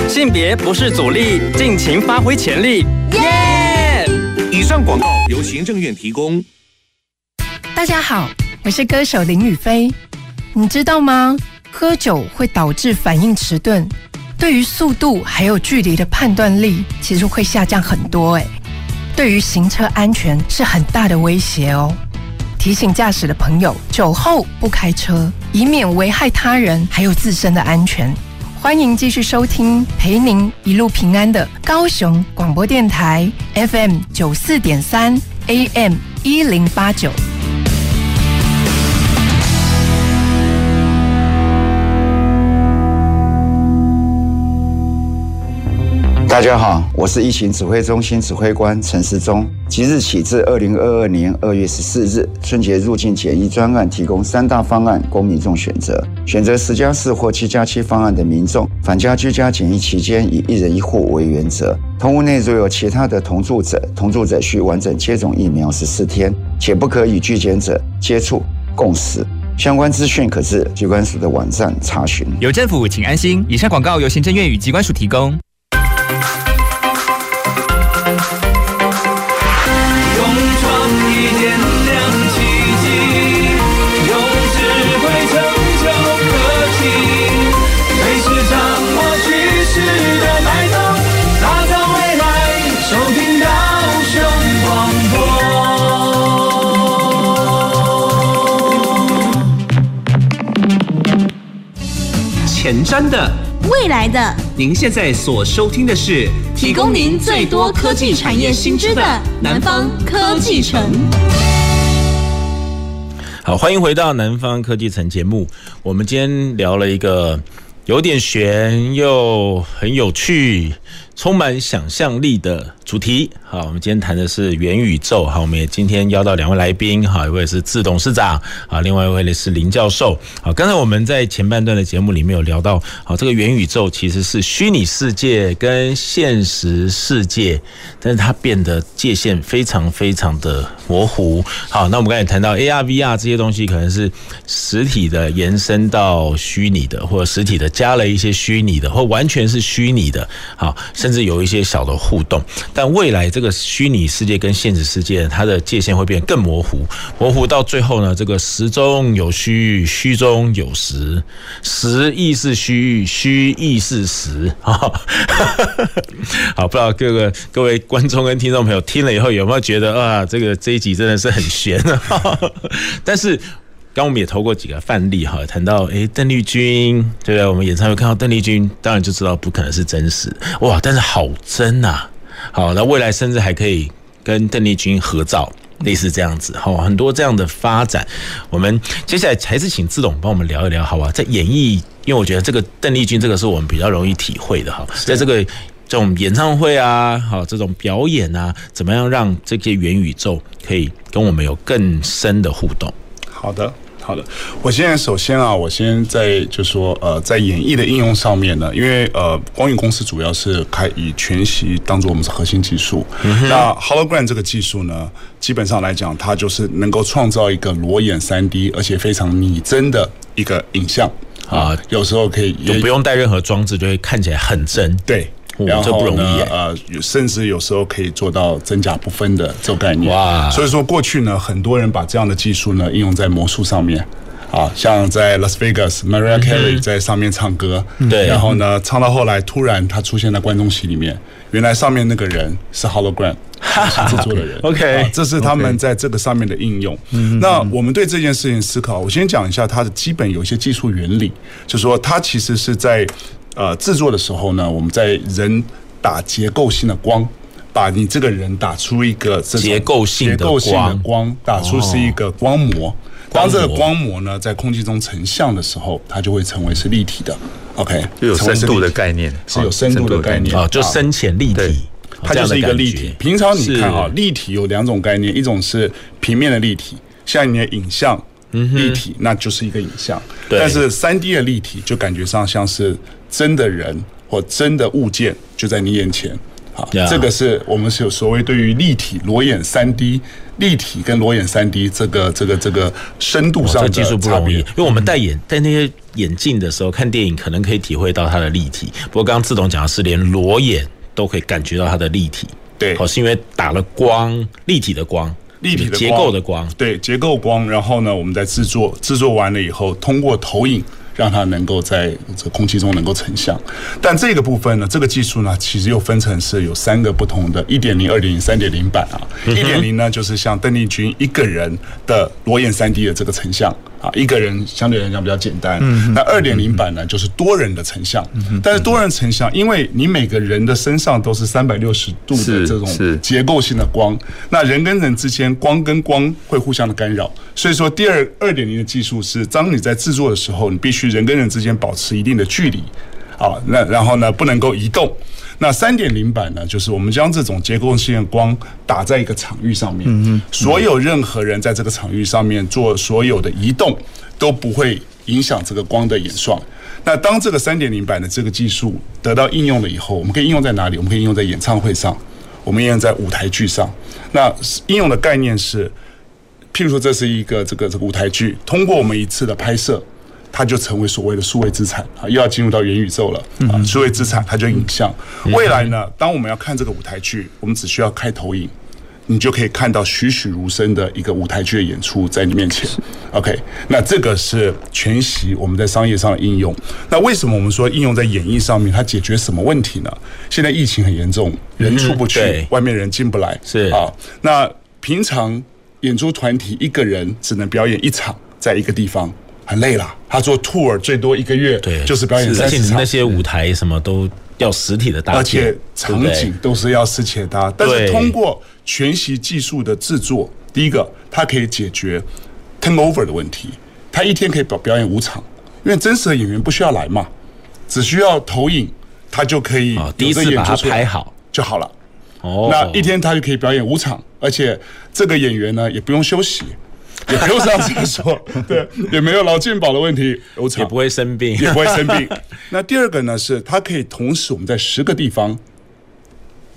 性別不是阻力，盡情發揮潛力。耶！Yeah! 以上廣告由行政院提供。大家好，我是歌手林雨菲。你知道嗎？喝酒會導致反應遲鈍，對於速度還有距離的判斷力，其實會下降很多、欸。哎，對於行車安全是很大的威脅哦。提醒駕駛的朋友，酒後不開車，以免危害他人還有自身的安全。歡迎繼續收聽陪您一路平安的高雄廣播電台 FM 九四點三 AM 一零八九。大家好，我是疫情指揮中心指揮官陳時中。即日起至二零二二年二月十四日，春節入境檢疫專案提供三大方案供民眾選擇。選擇十加四或七加七方案的民眾，返家居家檢疫期間以一人一戶為原則。同屋內如有其他的同住者，同住者需完整接種疫苗十四天，且不可與拒檢者接觸共食。相關資訊可至機關署的網站查詢。有政府，請安心。以上廣告由行政院與機關署提供。真的，未來的。您現在所收聽的是提供您最多科技產業新知的南方科技城。好，歡迎回到南方科技城節目。我們今天聊了一個有點玄又很有趣。充滿想象力的主題，好，我們今天談的是元宇宙，好，我們也今天邀到兩位來賓，好，一位是字董事長，好，另外一位是林教授，好，剛才我們在前半段的節目裡面有聊到，好，這個元宇宙其實是虛擬世界跟現實世界，但是它變得界限非常非常的模糊，好，那我們剛才談到 AR、VR 這些東西，可能是實體的延伸到虛擬的，或者實體的加了一些虛擬的，或完全是虛擬的，好。甚至有一些小的互動，但未來這個虛擬世界跟現實世界，它的界限會變得更模糊，模糊到最後呢，這個實中有虛，虛中有實，實亦是虛，虛亦是實啊。 好，不知道各個各位觀眾跟聽眾朋友聽了以後有沒有覺得啊，這個這一集真的是很玄啊。 但是。剛我們也投過幾個範例哈，談到誒鄧麗君對不對？我們演唱會看到鄧麗君，當然就知道不可能是真實哇，但是好真吶、啊！好，那未來甚至還可以跟鄧麗君合照，類似這樣子。好，很多這樣的發展，我們接下來還是請字董幫我們聊一聊，好吧？在演藝，因為我覺得這個鄧麗君這個是我們比較容易體會的哈，在這個這種演唱會啊，好，這種表演啊，怎麼樣讓這些元宇宙可以跟我們有更深的互動？好的，好的。我現在首先啊，我先在，在就是說，呃，在演繹的應用上面呢，因為呃，光禹公司主要是開以全息當做我們是核心技術。嗯、哼那 Hologram 這個技術呢，基本上來講，它就是能夠創造一個裸眼三 D，而且非常擬真的一個影像、嗯、啊，有時候可以也就不用帶任何裝置，就會看起來很真。對。然後呢，不容易呃，甚至有時候可以做到真假不分的這種概念。哇！所以說過去呢，很多人把這樣的技術呢應用在魔術上面，啊，像在 Las Vegas，Mariah Carey 在上面唱歌，對、嗯哼，然後呢，嗯、哼唱到後來，突然他出現在觀眾席裡面，原來上面那個人是 Hologram 製哈作的人。OK，, okay、啊、這是他們在這個上面的應用。嗯、哼那我們對這件事情思考，我先講一下它的基本有一些技術原理，就是說它其實是在。呃，製作的時候呢，我們在人打結構性的光，把你這個人打出一個結構性的光，打出是一個光膜。當這個光膜呢在空氣中成像的時候，它就會成為是立體的。OK，就有深度的概念是，是有深度的概念啊、哦，就深淺立體，對哦、它就是一個立體。平常你看啊，哦、立體有兩種概念，一種是平面的立體，像你的影像立體，那就是一個影像。嗯、哼但是三 D 的立體就感覺上像是。真的人或真的物件就在你眼前，好，Yeah. 這個是我們是有所謂對於立體裸眼三 D 立體跟裸眼三 D 這個這個這個深度上的、oh, 技術不容易，因為我們戴眼戴那些眼鏡的時候看電影，可能可以體會到它的立體。不過剛剛志董講的是連裸眼都可以感覺到它的立體，對，哦，是因為打了光立體的光，立體的結構的光，對，結構光。然後呢，我們在製作製作完了以後，通過投影。嗯讓它能夠在這空氣中能夠成像，但這個部分呢，這個技術呢，其實又分成是有三個不同的1.0、2.0、3.0版啊。嗯、<哼 >1.0 呢，就是像鄧麗君一個人的裸眼 3D 的這個成像。啊，一個人相對來講比較簡單。嗯哼，那二點零版呢，嗯、哼就是多人的成像。嗯哼，但是多人成像，嗯、哼因為你每個人的身上都是三百六十度的這種結構性的光，那人跟人之間光跟光會互相的干擾。所以說，第二二點零的技術是，當你在制作的時候，你必須人跟人之間保持一定的距離。啊，那然後呢，不能夠移動。那三點零版呢，就是我們將這種結構性的光打在一個場域上面，所有任何人在這個場域上面做所有的移動都不會影響這個光的演算。那當這個三點零版的這個技術得到應用了以後，我們可以應用在哪裡？我們可以應用在演唱會上，我們應用在舞台劇上。那應用的概念是，譬如說這是一個這個這個舞台劇，通過我們一次的拍攝。它就成為所謂的數位資產啊，又要進入到元宇宙了啊。數位資產它就影像。未來呢，當我們要看這個舞台劇，我們只需要開投影，你就可以看到栩栩如生的一個舞台劇的演出在你面前。OK，那這個是全息我們在商業上的應用。那為什麼我們說應用在演藝上面？它解決什麼問題呢？現在疫情很嚴重，人出不去，嗯，外面人進不來是啊。那平常演出團體一個人只能表演一場，在一個地方。很累了，他做 tour 最多一個月，對，就是表演三場。而且那些舞台什麼都要實體的搭，而且場景都是要實體的搭。但是通過全息技術的制作，對第一個，它可以解決 turnover 的問題。他一天可以表表演五場，因為真實的演員不需要來嘛，只需要投影，他就可以第一個演出拍好就好了。哦，那一天他就可以表演五場，而且這個演員呢也不用休息。 也不用上廁所，對，也沒有勞健保的問題，也不會生病，也不會生病。 那第二個呢？是它可以同時我們在十個地方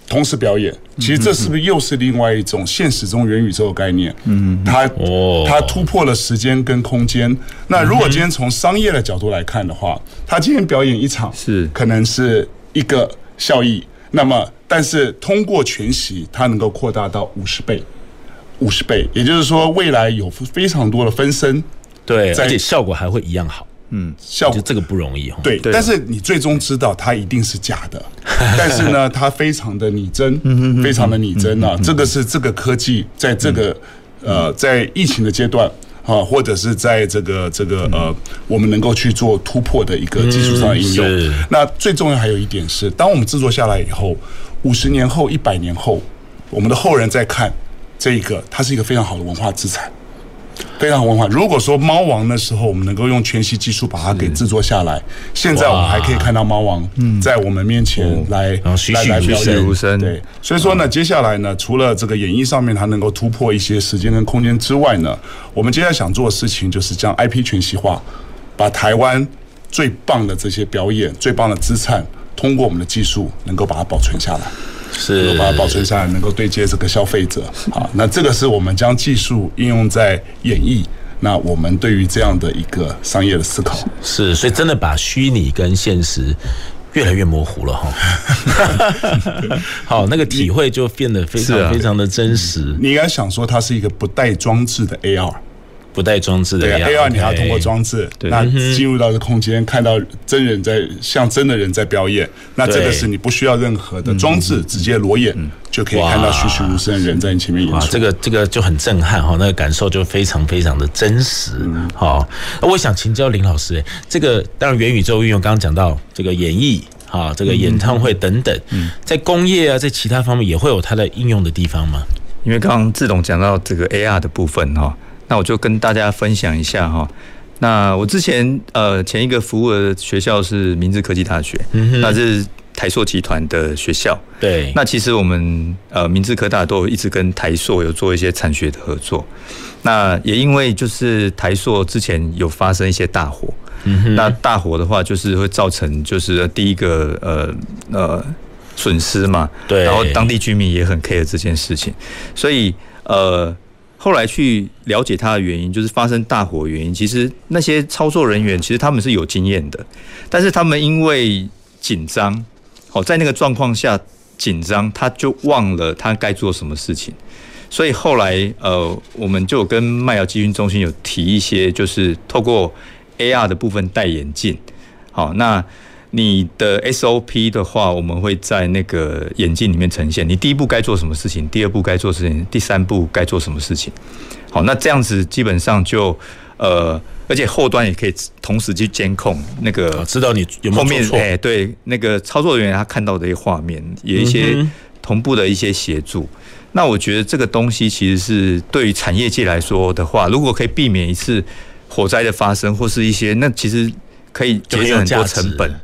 同時表演。其實這是不是又是另外一種現實中元宇宙的概念？嗯哼，它它突破了時間跟空間。嗯、哼那如果今天從商業的角度來看的話，它今天表演一場是可能是一個效益，那麼但是通過全息，它能夠擴大到五十倍。五十倍，也就是說，未來有非常多的分身，對，而且效果還會一樣好。嗯，效果這個不容易哈。對，對了但是你最終知道它一定是假的，但是呢，它非常的擬真， 非常的擬真啊。 這個是這個科技在這個、嗯、呃在疫情的階段啊，或者是在這個這個呃我們能夠去做突破的一個技術上的應用。嗯、那最重要還有一點是，當我們製作下來以後，五十年後、一百年後，我們的後人在看。這一個，它是一個非常好的文化資產，非常好文化。如果說《貓王》的時候我們能夠用全息技術把它給制作下來，是現在我們還可以看到《貓王》在我們面前來、嗯、來喜喜無聲來，來表演。對，所以說呢，接下來呢，除了這個演藝上面它能夠突破一些時間跟空間之外呢，我們接下來想做的事情就是將 IP 全息化，把台灣最棒的這些表演、最棒的資產，通過我們的技術能夠把它保存下來。是，能夠把它保存下來，能夠對接這個消費者。好，那這個是我們將技術應用在演繹。那我們對於這樣的一個商業的思考，是，所以真的把虛擬跟現實越來越模糊了哈、哦。 好，那個體會就變得非常非常的真實。你應該想說，它是一個不帶裝置的 AR。不帶裝置的呀。A R 你要通過裝置，那進入到這空間看到真人在像真的人在表演，那這個是你不需要任何的裝置，直接裸眼就可以看到栩栩如生的人在你前面演出。哇，這個這個就很震撼哈，那個感受就非常非常的真實。好，那我想請教林老師，這個當然元宇宙運用剛剛講到這個演藝啊，這個演唱會等等，在工業啊，在其他方面也會有它的應用的地方嗎？因為剛剛志董講到這個 A R 的部分哈。那我就跟大家分享一下哈、哦。那我之前呃前一個服務的學校是明志科技大學，嗯、哼那是台塑集團的學校。對。那其實我們呃明志科大都一直跟台塑有做一些產學的合作。那也因為就是台塑之前有發生一些大火，嗯、哼那大火的話就是會造成就是第一個呃呃損失嘛，對。然後當地居民也很 care 這件事情，所以呃。後來去了解它的原因，就是發生大火的原因。其實那些操作人員其實他們是有經驗的，但是他們因為緊張，好在那個狀況下緊張，他就忘了他該做什麼事情。所以後來呃，我們就有跟麥寮集訓中心有提一些，就是透過 AR 的部分戴眼鏡，好那。你的 SOP 的話，我們會在那個眼鏡裡面呈現。你第一步該做什麼事情，第二步該做事情，第三步該做什麼事情。好，那這樣子基本上就呃，而且後端也可以同時去監控那個，知道你有沒有做錯。哎、欸，對，那個操作人員他看到的一些畫面，有一些同步的一些協助。嗯、哼那我覺得這個東西其實是對於產業界來說的話，如果可以避免一次火災的發生或是一些，那其實可以節省很多成本。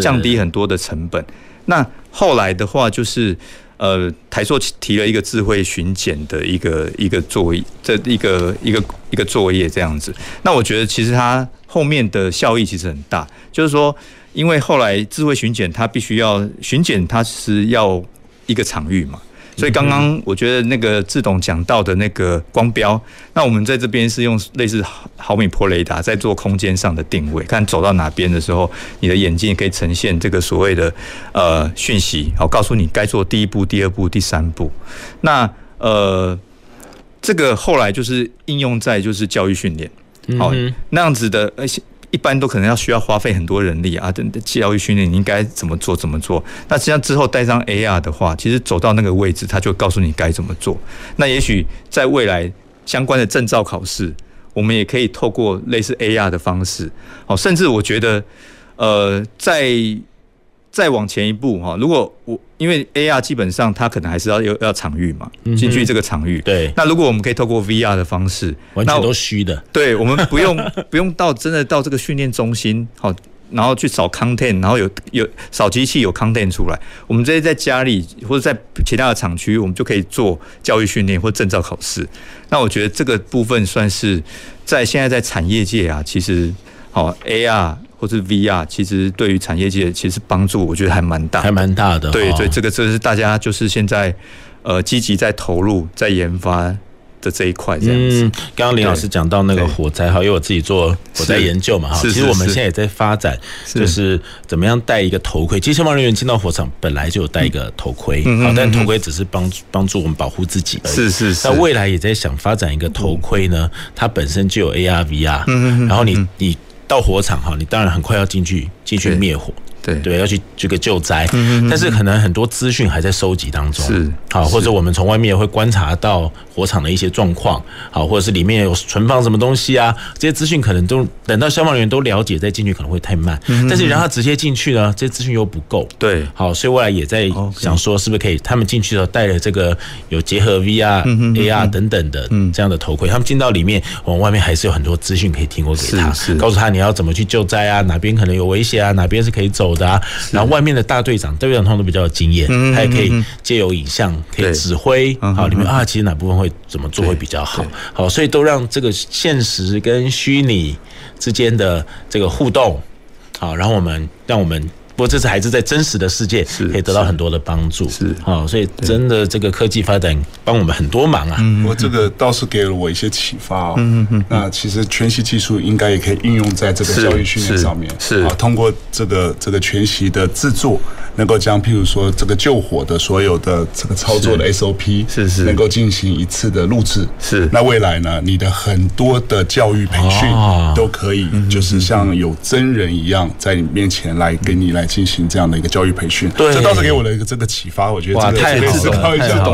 降低很多的成本。那後來的話，就是呃，台碩提了一個智慧巡檢的一個一個作業，這一個一個一個作業這樣子。那我覺得其實它後面的效益其實很大，就是說，因為後來智慧巡檢，它必須要巡檢，它是要一個場域嘛。所以剛剛我覺得那個自動講到的那個光標，那我們在這邊是用類似毫米波雷達在做空間上的定位，看走到哪邊的時候，你的眼鏡可以呈現這個所謂的呃訊息，好，告訴你該做第一步、第二步、第三步。那呃，這個後來就是應用在就是教育訓練，好，嗯、哼那樣子的而且。欸一般都可能要需要花費很多人力啊，等教育訓練，你應該怎麼做怎麼做？那實際上之後帶上 AR 的話，其實走到那個位置，他就告訴你該怎麼做。那也許在未來相關的證照考試，我們也可以透過類似 AR 的方式。好，甚至我覺得，呃，在。再往前一步哈，如果我因為 AR 基本上它可能還是要要要場域嘛，進去這個場域。嗯嗯對，那如果我們可以透過 VR 的方式，完全都虛的。對，我們不用 不用到真的到這個訓練中心，好，然後去掃 content，然後有有掃機器有 content 出來，我們直接在家裡或者在其他的廠區，我們就可以做教育訓練或證照考試。那我覺得這個部分算是在現在在產業界啊，其實好 AR。或是 VR，其實對於產業界其實幫助，我覺得還蠻大，還蠻大的。大的對，所以這個就是大家就是現在呃積極在投入、在研發的這一塊。嗯，剛剛林老師講到那個火災，哈對，因為我自己做火災研究嘛，哈，其實我們現在也在發展，就是怎麼樣戴一個頭盔。其實消防人員進到火場本來就有戴一個頭盔，嗯、哼哼好，但頭盔只是幫助幫助我們保護自己而已。是，是是。那未來也在想發展一個頭盔呢，它本身就有 AR、VR，、嗯、哼哼，然後你你。嗯哼哼到火場哈，你當然很快要進去，進去滅火。對對，要去這個救災，嗯哼嗯哼，但是可能很多資訊還在收集當中。是，是。好，或者我們從外面會觀察到火場的一些狀況，好，或者是裡面有存放什麼東西啊？這些資訊可能都等到消防員都了解再進去可能會太慢。嗯嗯，但是你讓他直接進去呢，這些資訊又不夠。對，好，所以未來也在想說，是不是可以他們進去的時候帶了這個有結合 VR、啊、嗯嗯、AR、啊、等等的這樣的頭盔，他們進到裡面，我們外面還是有很多資訊可以提供給他，是是，告訴他你要怎麼去救災啊，哪邊可能有危險啊，哪邊是可以走的，然後外面的大隊長，隊長他們都比較有經驗，他也可以借由影像可以指揮，好，你們啊，其實哪部分會怎麼做會比較好，好，所以都讓這個現實跟虛擬之間的這個互動，好，然後我們讓我們。不過，這次還是在真實的世界是可以得到很多的幫助是，好，所以真的這個科技發展幫我們很多忙啊。我這個倒是給了我一些啟發、哦、嗯。嗯嗯那其實全息技術應該也可以應用在這個教育訓練上面，是，是，是啊，通過這個這個全息的制作，能夠將譬如說這個救火的所有的這個操作的 SOP 是是，是能夠進行一次的錄制是。是那未來呢，你的很多的教育培訓都可以就是像有真人一樣在你面前來給你來。來進行這樣的一個教育培訓，這倒是給我的一個這個啟發。我覺得哇，太好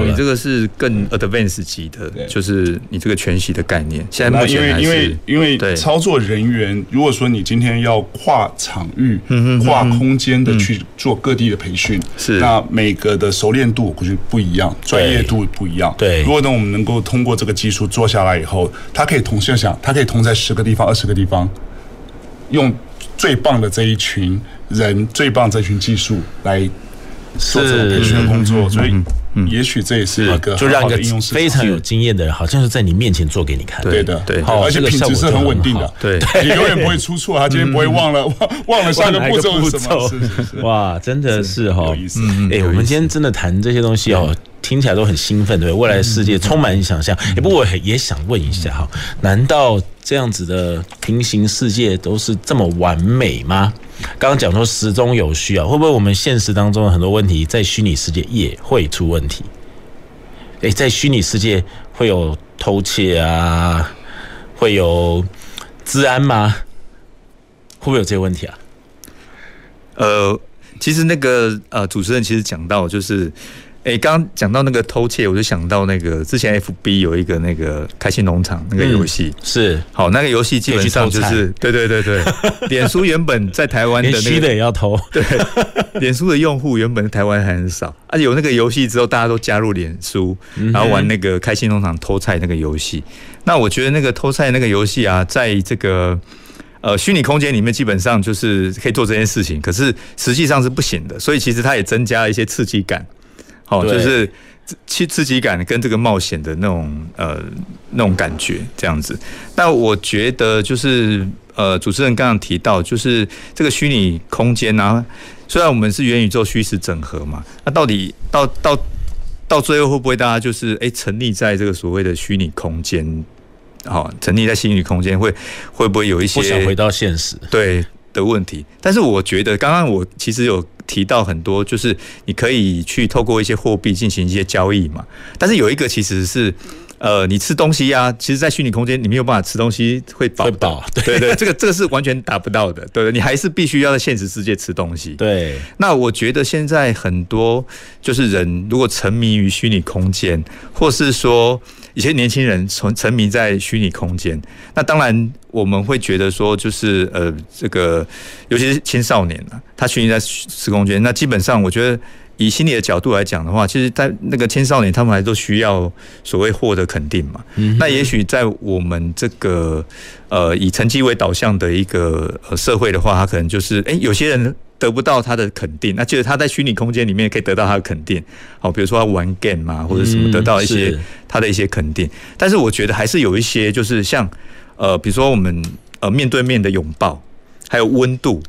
了！你這個是更 advanced 級的，就是你這個全息的概念。現在目前還是因為因為操作人員，如果說你今天要跨場域、跨空間的去做各地的培訓，是那每個的熟練度估計不一樣，專業度不一樣。對，如果呢，我們能夠通過這個技術做下來以後，他可以同時要想，他可以同在十個地方、二十個地方，用最棒的這一群。人最棒，這群技術來做這工作，嗯、所以，也許這也是一個好好就讓一個非常有經驗的人，好像是在你面前做給你看，對的，對，對而且品質是很穩定的，對，對你永遠不會出錯，他今天不會忘了、嗯、忘了下個步驟是什麼，是是是哇，真的是哈，哎、嗯欸，我們今天真的談這些東西哦，嗯、聽起來都很興奮，對，對未來世界充滿想象、嗯欸。不過，我也想問一下哈，難道這樣子的平行世界都是這麼完美嗎？剛剛講說時中有序啊，會不會我們現實當中的很多問題在虛擬世界也會出問題？誒、欸，在虛擬世界會有偷竊啊，會有治安嗎？會不會有這些問題啊？呃，其實那個呃，主持人其實講到就是。誒，剛剛講到那個偷竊，我就想到那個之前 FB 有一個那個開心農場那個遊戲，嗯，是，好那個遊戲基本上就是對對對對，臉 書原本在台灣，那個、連虛的也要偷，對，臉 書的用戶原本在台灣還很少，而且有那個遊戲之後，大家都加入臉書，嗯、哼然後玩那個開心農場偷菜那個遊戲。那我覺得那個偷菜那個遊戲啊，在這個呃虛擬空間裡面，基本上就是可以做這件事情，可是實際上是不行的，所以其實它也增加了一些刺激感。哦，對就是自自自己感跟這個冒險的那種呃那種感覺這樣子。那我覺得就是呃主持人剛剛提到，就是這個虛擬空間啊，雖然我們是元宇宙虛實整合嘛，那、啊、到底到到到最後會不會大家就是誒沉溺在這個所謂的虛擬空間？好、哦，沉溺在虛擬空間會會不會有一些不想回到現實？對。的問題，但是我覺得剛剛我其實有提到很多，就是你可以去透過一些貨幣進行一些交易嘛。但是有一個其實是，呃，你吃東西啊，其實，在虛擬空間你沒有辦法吃東西會飽，會飽。對對，對對，這個這個是完全達不到的，對對，你還是必須要在現實世界吃東西。對，那我覺得現在很多就是人如果沉迷於虛擬空間，或是說。有些年輕人沉沉迷在虛擬空間，那當然我們會覺得說，就是呃，這個尤其是青少年啊，他沉迷在虛空間。那基本上，我覺得以心理的角度來講的話，其實，在那個青少年他們還都需要所謂獲得肯定嘛。嗯、哼那也許在我們這個呃以成績為導向的一個、呃、社會的話，他可能就是哎、欸，有些人。得不到他的肯定，那就是他在虛擬空間裡面可以得到他的肯定。好，比如說他玩 game 啊，或者什麼得到一些他的一些肯定。嗯、是。但是我覺得還是有一些，就是像呃，比如說我們呃面對面的擁抱，還有溫度，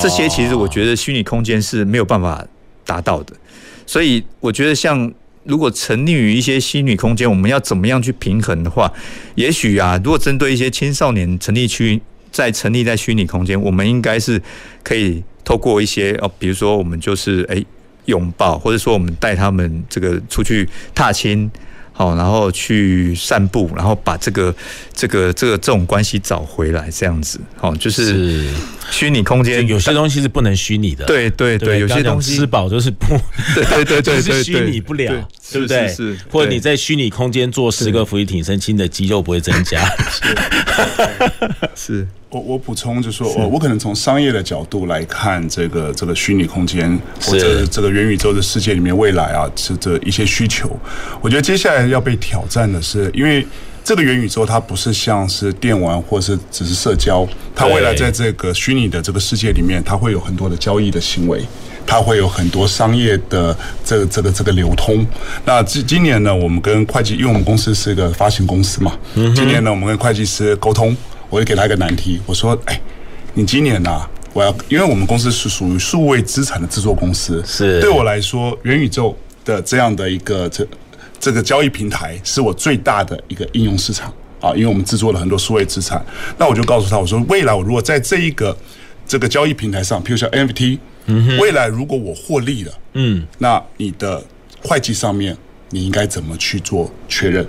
這些其實我覺得虛擬空間是沒有辦法達到的。哦、所以我覺得像如果沉溺於一些虛擬空間，我們要怎麼樣去平衡的話，也許啊，如果針對一些青少年成立區，在成立在虛擬空間，我們應該是可以透過一些哦，比如說我們就是哎擁抱，或者說我們帶他們這個出去踏青，好、哦，然後去散步，然後把這個這個這個這種關係找回來，這樣子，哦，就是虛擬空間有些東西是不能虛擬的，對對對，對對對，有些東西剛剛吃飽就是不，對對對對對，是虛擬不了。對不對？是，是，是，或者你在虛擬空間做十個伏地挺身，是你的肌肉不會增加。是，我我補充就說，我是我可能從商業的角度來看，這個，這個是這個虛擬空間或者這個元宇宙的世界裡面，未來啊，是這一些需求，我覺得接下來要被挑戰的是，因為這個元宇宙它不是像是電玩或是只是社交，它未來在這個虛擬的這個世界裡面，它會有很多的交易的行為。他會有很多商業的這個這個這個流通。那今今年呢，我們跟會計，因為我們公司是一個發行公司嘛，今年呢，我們跟會計師溝通，我就給他一個難題，我說：“哎，你今年呢、啊，我要，因為我們公司是屬於數位資產的制作公司，是對我來說，元宇宙的這樣的一個這這個交易平台，是我最大的一個應用市場啊，因為我們制作了很多數位資產。那我就告訴他，我說未來我如果在這一個這個交易平台上，譬如說 NFT。嗯，未來如果我獲利了，嗯，那你的會計上面你應該怎麼去做確認？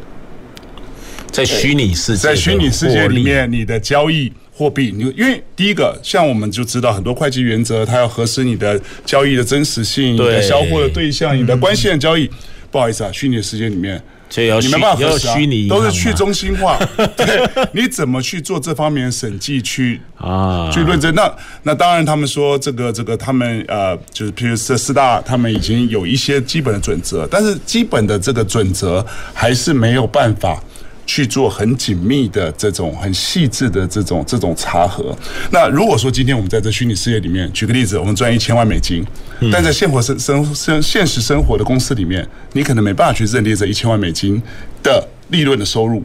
在虛擬世界，在虛擬世界裡面，你的交易貨幣，你因為第一個，像我們就知道很多會計原則，它要核實你的交易的真實性，對你的銷貨的對象，對你的關係交易。不好意思啊，虛擬世界裡面。這要需要虛擬，啊、都是去中心化， 對，你怎麼去做這方面審計去啊？去論證。那那當然，他們說這個這個他們呃，就是譬如這四大，他們已經有一些基本的準則，但是基本的這個準則還是沒有辦法。去做很緊密的這種、很細緻的這種、這種查核。那如果說今天我們在這虛擬世界裡面，舉個例子，我們賺一千萬美金，嗯、但在現活生、生、生現實生活的公司裡面，你可能沒辦法去認定這一千萬美金的利潤的收入。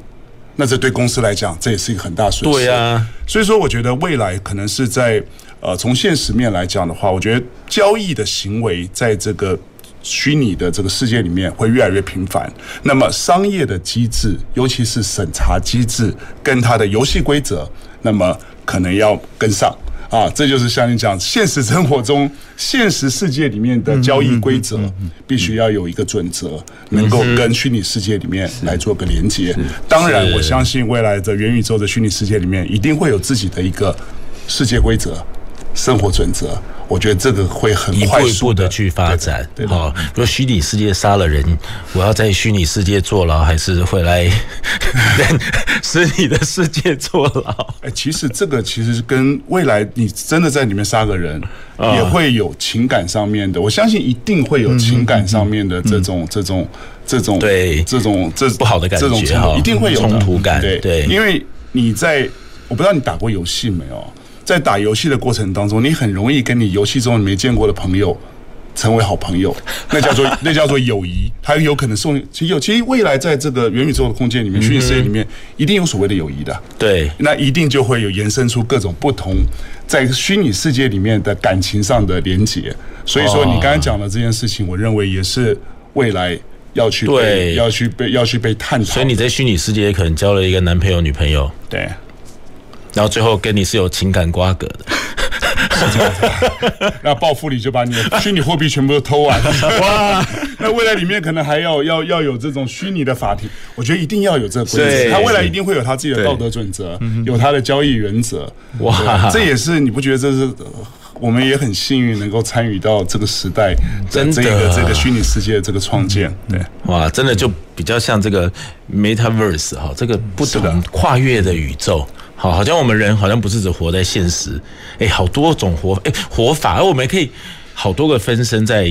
那這對公司來講，這也是一個很大損失。對呀、啊，所以說我覺得未來可能是在呃，從現實面來講的話，我覺得交易的行為在這個。虛擬的這個世界裡面會越來越頻繁，那麼商業的機制，尤其是審查機制跟它的遊戲規則，那麼可能要跟上啊。這就是像你講，現實生活中、現實世界裡面的交易規則，必須要有一個準則，能夠跟虛擬世界裡面來做個連接。當然，我相信未來的元宇宙的虛擬世界裡面，一定會有自己的一個世界規則。生活準則，我覺得這個會很快速的去發展。好，如果虛擬世界殺了人，我要在虛擬世界坐牢，還是回來實體的世界坐牢？欸，其實這個其實是跟未來你真的在裡面殺個人，也會有情感上面的。我相信一定會有情感上面的這種這種這種這種這種不好的感覺，一定會有衝突感。對，因為你在，我不知道你打過遊戲沒有。在打遊戲的過程當中，你很容易跟你遊戲中你沒見過的朋友成為好朋友，那叫做 那叫做友誼，還有可能送有其實未來在這個元宇宙的空間裡面，虛擬、嗯、哼世界裡面一定有所謂的友誼的，對，那一定就會有延伸出各種不同在虛擬世界裡面的感情上的連結。所以說你剛才講的這件事情，哦、我認為也是未來要去被對要去被要去被，要去被探索。所以你在虛擬世界可能交了一個男朋友女朋友，對。然後最後跟你是有情感瓜葛的， 那報復你就把你的虛擬貨幣全部都偷完，哇！ 那未來裡面可能還要要要有這種虛擬的法庭，我覺得一定要有這個，對他未來一定會有他自己的道德準則，對有他的交易原則，哇！這也是你不覺得這是我們也很幸運能夠參與到這個時代，真這個這個虛擬世界的這個創建，的對，哇！真的就比較像這個 Metaverse 哈，這個不同跨越的宇宙。哦，好像我們人好像不是只活在現實，誒、欸，好多種活誒、欸，活法，而我們還可以好多個分身在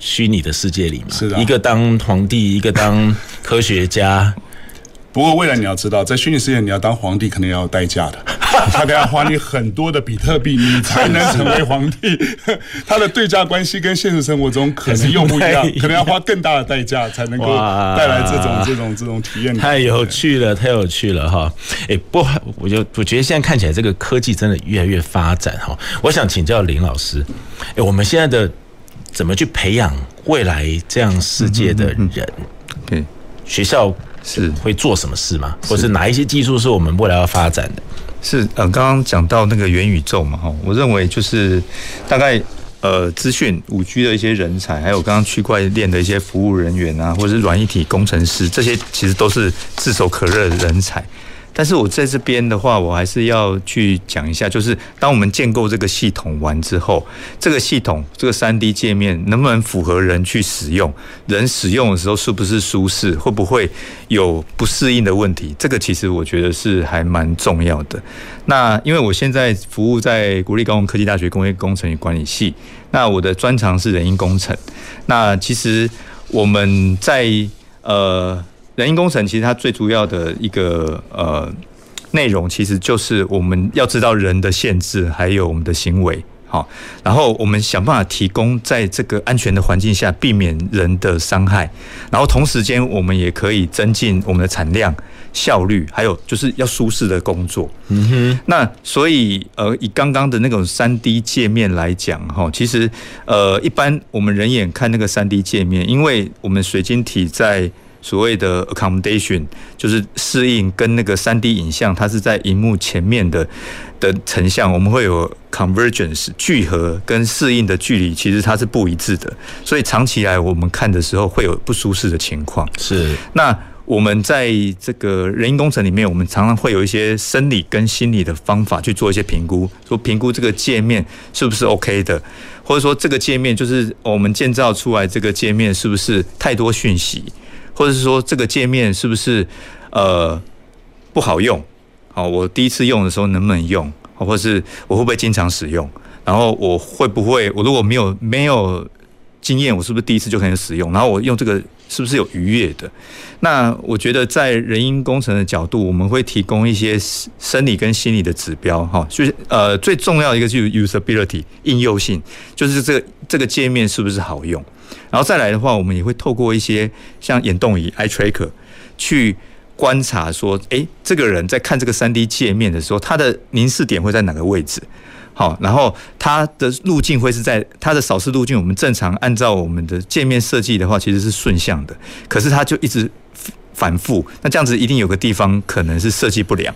虛擬的世界裡面，是的、啊，一個當皇帝，一個當科學家。 不過未來你要知道，在虛擬世界你要當皇帝，肯定要代價的。 他得要花你很多的比特幣，你才能成為皇帝。 他的對價關係跟現實生活中可能又不一樣，一樣可能要花更大的代價才能夠帶來這種哇這種這種體驗。太有趣了，太有趣了哈！誒、欸，不，我就我覺得現在看起來這個科技真的越來越發展哈。我想請教林老師，誒、欸，我們現在的怎麼去培養未來這樣世界的人？嗯嗯嗯、學校是會做什麼事嗎？是或是哪一些技術是我們未來要發展的？是呃，剛剛講到那個元宇宙嘛，哈，我認為就是大概呃，資訊 5G 的一些人才，還有剛剛區塊鏈的一些服務人員啊，或者是軟一體工程師，這些其實都是炙手可熱的人才。但是我在這邊的話，我還是要去講一下，就是當我們建構這個系統完之後，這個系統這個 3D 界面能不能符合人去使用？人使用的時候是不是舒適？會不會有不適應的問題？這個其實我覺得是還蠻重要的。那因為我現在服務在國立高雄科技大學工業工程與管理系，那我的專長是人因工程。那其實我們在呃。人因工程其實它最主要的一個呃內容，其實就是我們要知道人的限制，還有我們的行為，好，然後我們想辦法提供在這個安全的環境下避免人的傷害，然後同時間我們也可以增進我們的產量效率，還有就是要舒適的工作。嗯哼，那所以呃以剛剛的那種三 D 界面來講，哈，其實呃一般我們人眼看那個三 D 界面，因為我們水晶體在所謂的 accommodation 就是適應，跟那個三 D 影像，它是在熒幕前面的的成像，我們會有 convergence 聚合跟適應的距離，其實它是不一致的，所以長期來我們看的時候會有不舒適的情況。是。那我們在這個人因工程裡面，我們常常會有一些生理跟心理的方法去做一些評估，說評估這個界面是不是 OK 的？或者說這個界面就是我們建造出來這個界面是不是太多訊息？或者是說這個界面是不是呃不好用？好，我第一次用的時候能不能用？好，或者是我會不會經常使用？然後我會不會我如果沒有沒有經驗，我是不是第一次就可以使用？然後我用這個是不是有愉悅的？那我覺得在人因工程的角度，我們會提供一些生理跟心理的指標哈。所以呃，最重要的一個就是 usability 應用性，就是這個這個界面是不是好用？然後再來的話，我們也會透過一些像眼動儀 （eye tracker） 去觀察，說，哎，這個人在看這個 3D 界面的時候，他的凝視點會在哪個位置？好，然後他的路徑會是在他的掃視路徑。我們正常按照我們的界面設計的話，其實是順向的，可是他就一直反覆。那這樣子一定有個地方可能是設計不良，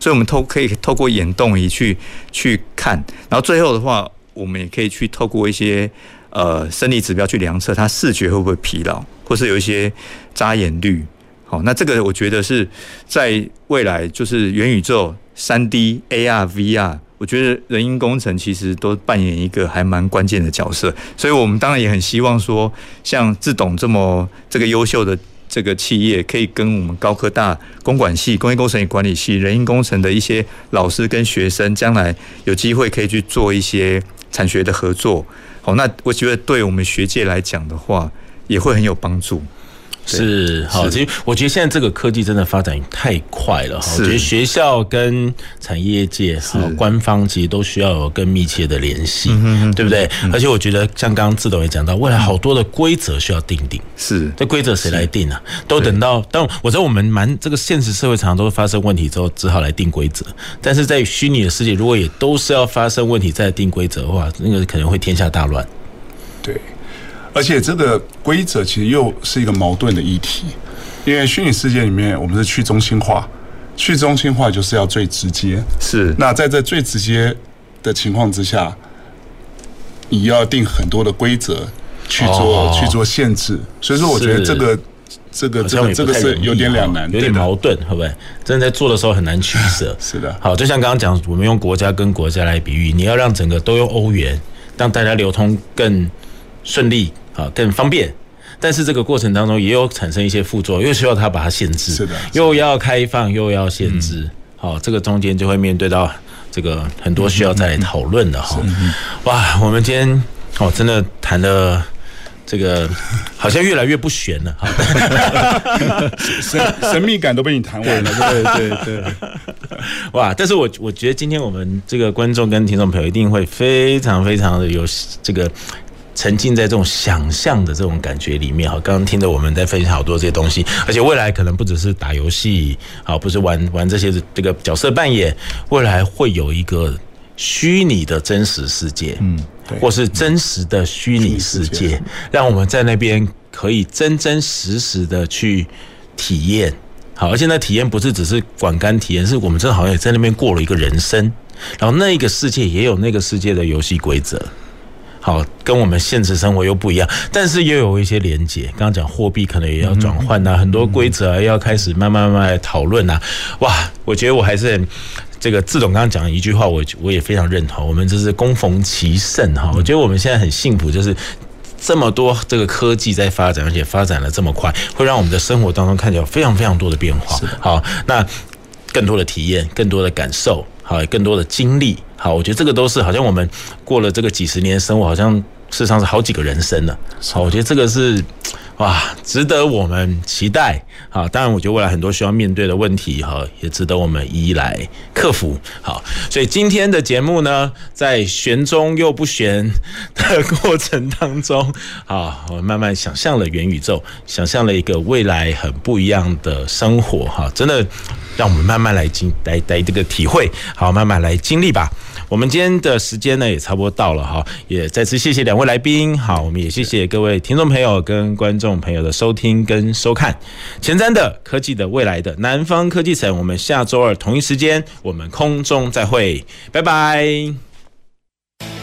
所以我們透可以透過眼動儀去去看。然後最後的話，我們也可以去透過一些。呃，生理指標去量測它視覺會不會疲勞，或是有一些眨眼率。好，那這個我覺得是在未來，就是元宇宙、3D、AR、VR，我覺得人因工程其實都扮演一個還蠻關鍵的角色。所以，我們當然也很希望說，像志董這麼這個優秀的這個企業，可以跟我們高科大公管系、工業工程與管理系、人因工程的一些老師跟學生，將來有機會可以去做一些產學的合作。好，那我覺得對我們學界來講的話，也會很有幫助。是，好，其實我覺得現在這個科技真的發展太快了，哈，是我覺得學校跟產業界、哈，官方其實都需要有更密切的聯繫，是對不對？嗯、而且我覺得像剛剛字董也講到，未來好多的規則需要定定，是，這規則誰來定呢、啊？都等到，當。我覺得我們蠻這個現實社會常常都會發生問題之後，只好來定規則。但是在虛擬的世界，如果也都是要發生問題再定規則的話，那個可能會天下大亂。對。而且這個規則其實又是一個矛盾的議題，因為虛擬世界裡面，我們是去中心化，去中心化就是要最直接，是。那在這最直接的情況之下，你要定很多的規則去做、哦、去做限制，所以說我覺得這個是這個、這個哦、這個是有點兩難，有點矛盾，好不好？的真的在做的時候很難取舍。 是的。好，就像剛剛講，我們用國家跟國家來比喻，你要讓整個都用歐元，讓大家流通更順利。啊，更方便，但是這個過程當中也有產生一些副作用，又需要它把它限制，是的，是的，又要開放又要限制，好、嗯哦，這個中間就會面對到這個很多需要再討論的哈，嗯嗯嗯、哇，我們今天哦，真的談的這個好像越來越不懸了，不玄了哈， 神神秘感都被你談完了，對對對，對對對，哇，但是我我覺得今天我們這個觀眾跟聽眾朋友一定會非常非常的有這個。沉浸在這種想象的這種感覺裡面哈，剛剛聽着我們在分享好多這些東西，而且未來可能不只是打遊戲，好，不是玩玩這些這個角色扮演，未來會有一個虛擬的真實世界，嗯，或是真實的虛擬世界，讓我們在那邊可以真真實實的去體驗，好，而且那體驗不是只是觀感體驗，是我們真的好像在那邊過了一個人生，然後那一個世界也有那個世界的遊戲規則。好，跟我們現實生活又不一樣，但是又有一些連接。剛剛講貨幣可能也要轉換吶，嗯嗯嗯，很多規則、啊、要開始慢慢慢慢討論吶。哇，我覺得我還是這個字總剛剛講的一句話，我我也非常認同。我們就是躬逢其盛。哈，我覺得我們現在很幸福，就是這麼多這個科技在發展，而且發展的這麼快，會讓我們的生活當中看起來有非常非常多的變化。是的 好，那更多的體驗，更多的感受。好，也更多的經歷，好，我覺得這個都是好像我們過了這個幾十年生活，好像事實上是好幾個人生了。好，我覺得這個是。哇，值得我們期待啊！當然，我覺得未來很多需要面對的問題哈，也值得我們一一來克服。好，所以今天的節目呢，在玄中又不玄的過程當中，啊，我慢慢想象了元宇宙，想象了一個未來很不一樣的生活哈，真的讓我們慢慢來經來來這個體會，好，慢慢來經歷吧。我們今天的時間呢，也差不多到了哈，也再次謝謝兩位來賓，好，我們也謝謝各位聽眾朋友跟觀眾朋友的收聽跟收看，前瞻的科技的未來的南方科技城，我們下週二同一時間我們空中再會，拜拜。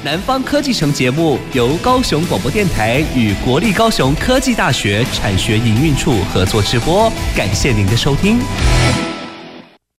南方科技城節目由高雄廣播電台與國立高雄科技大學產學營運處合作直播，感謝您的收聽。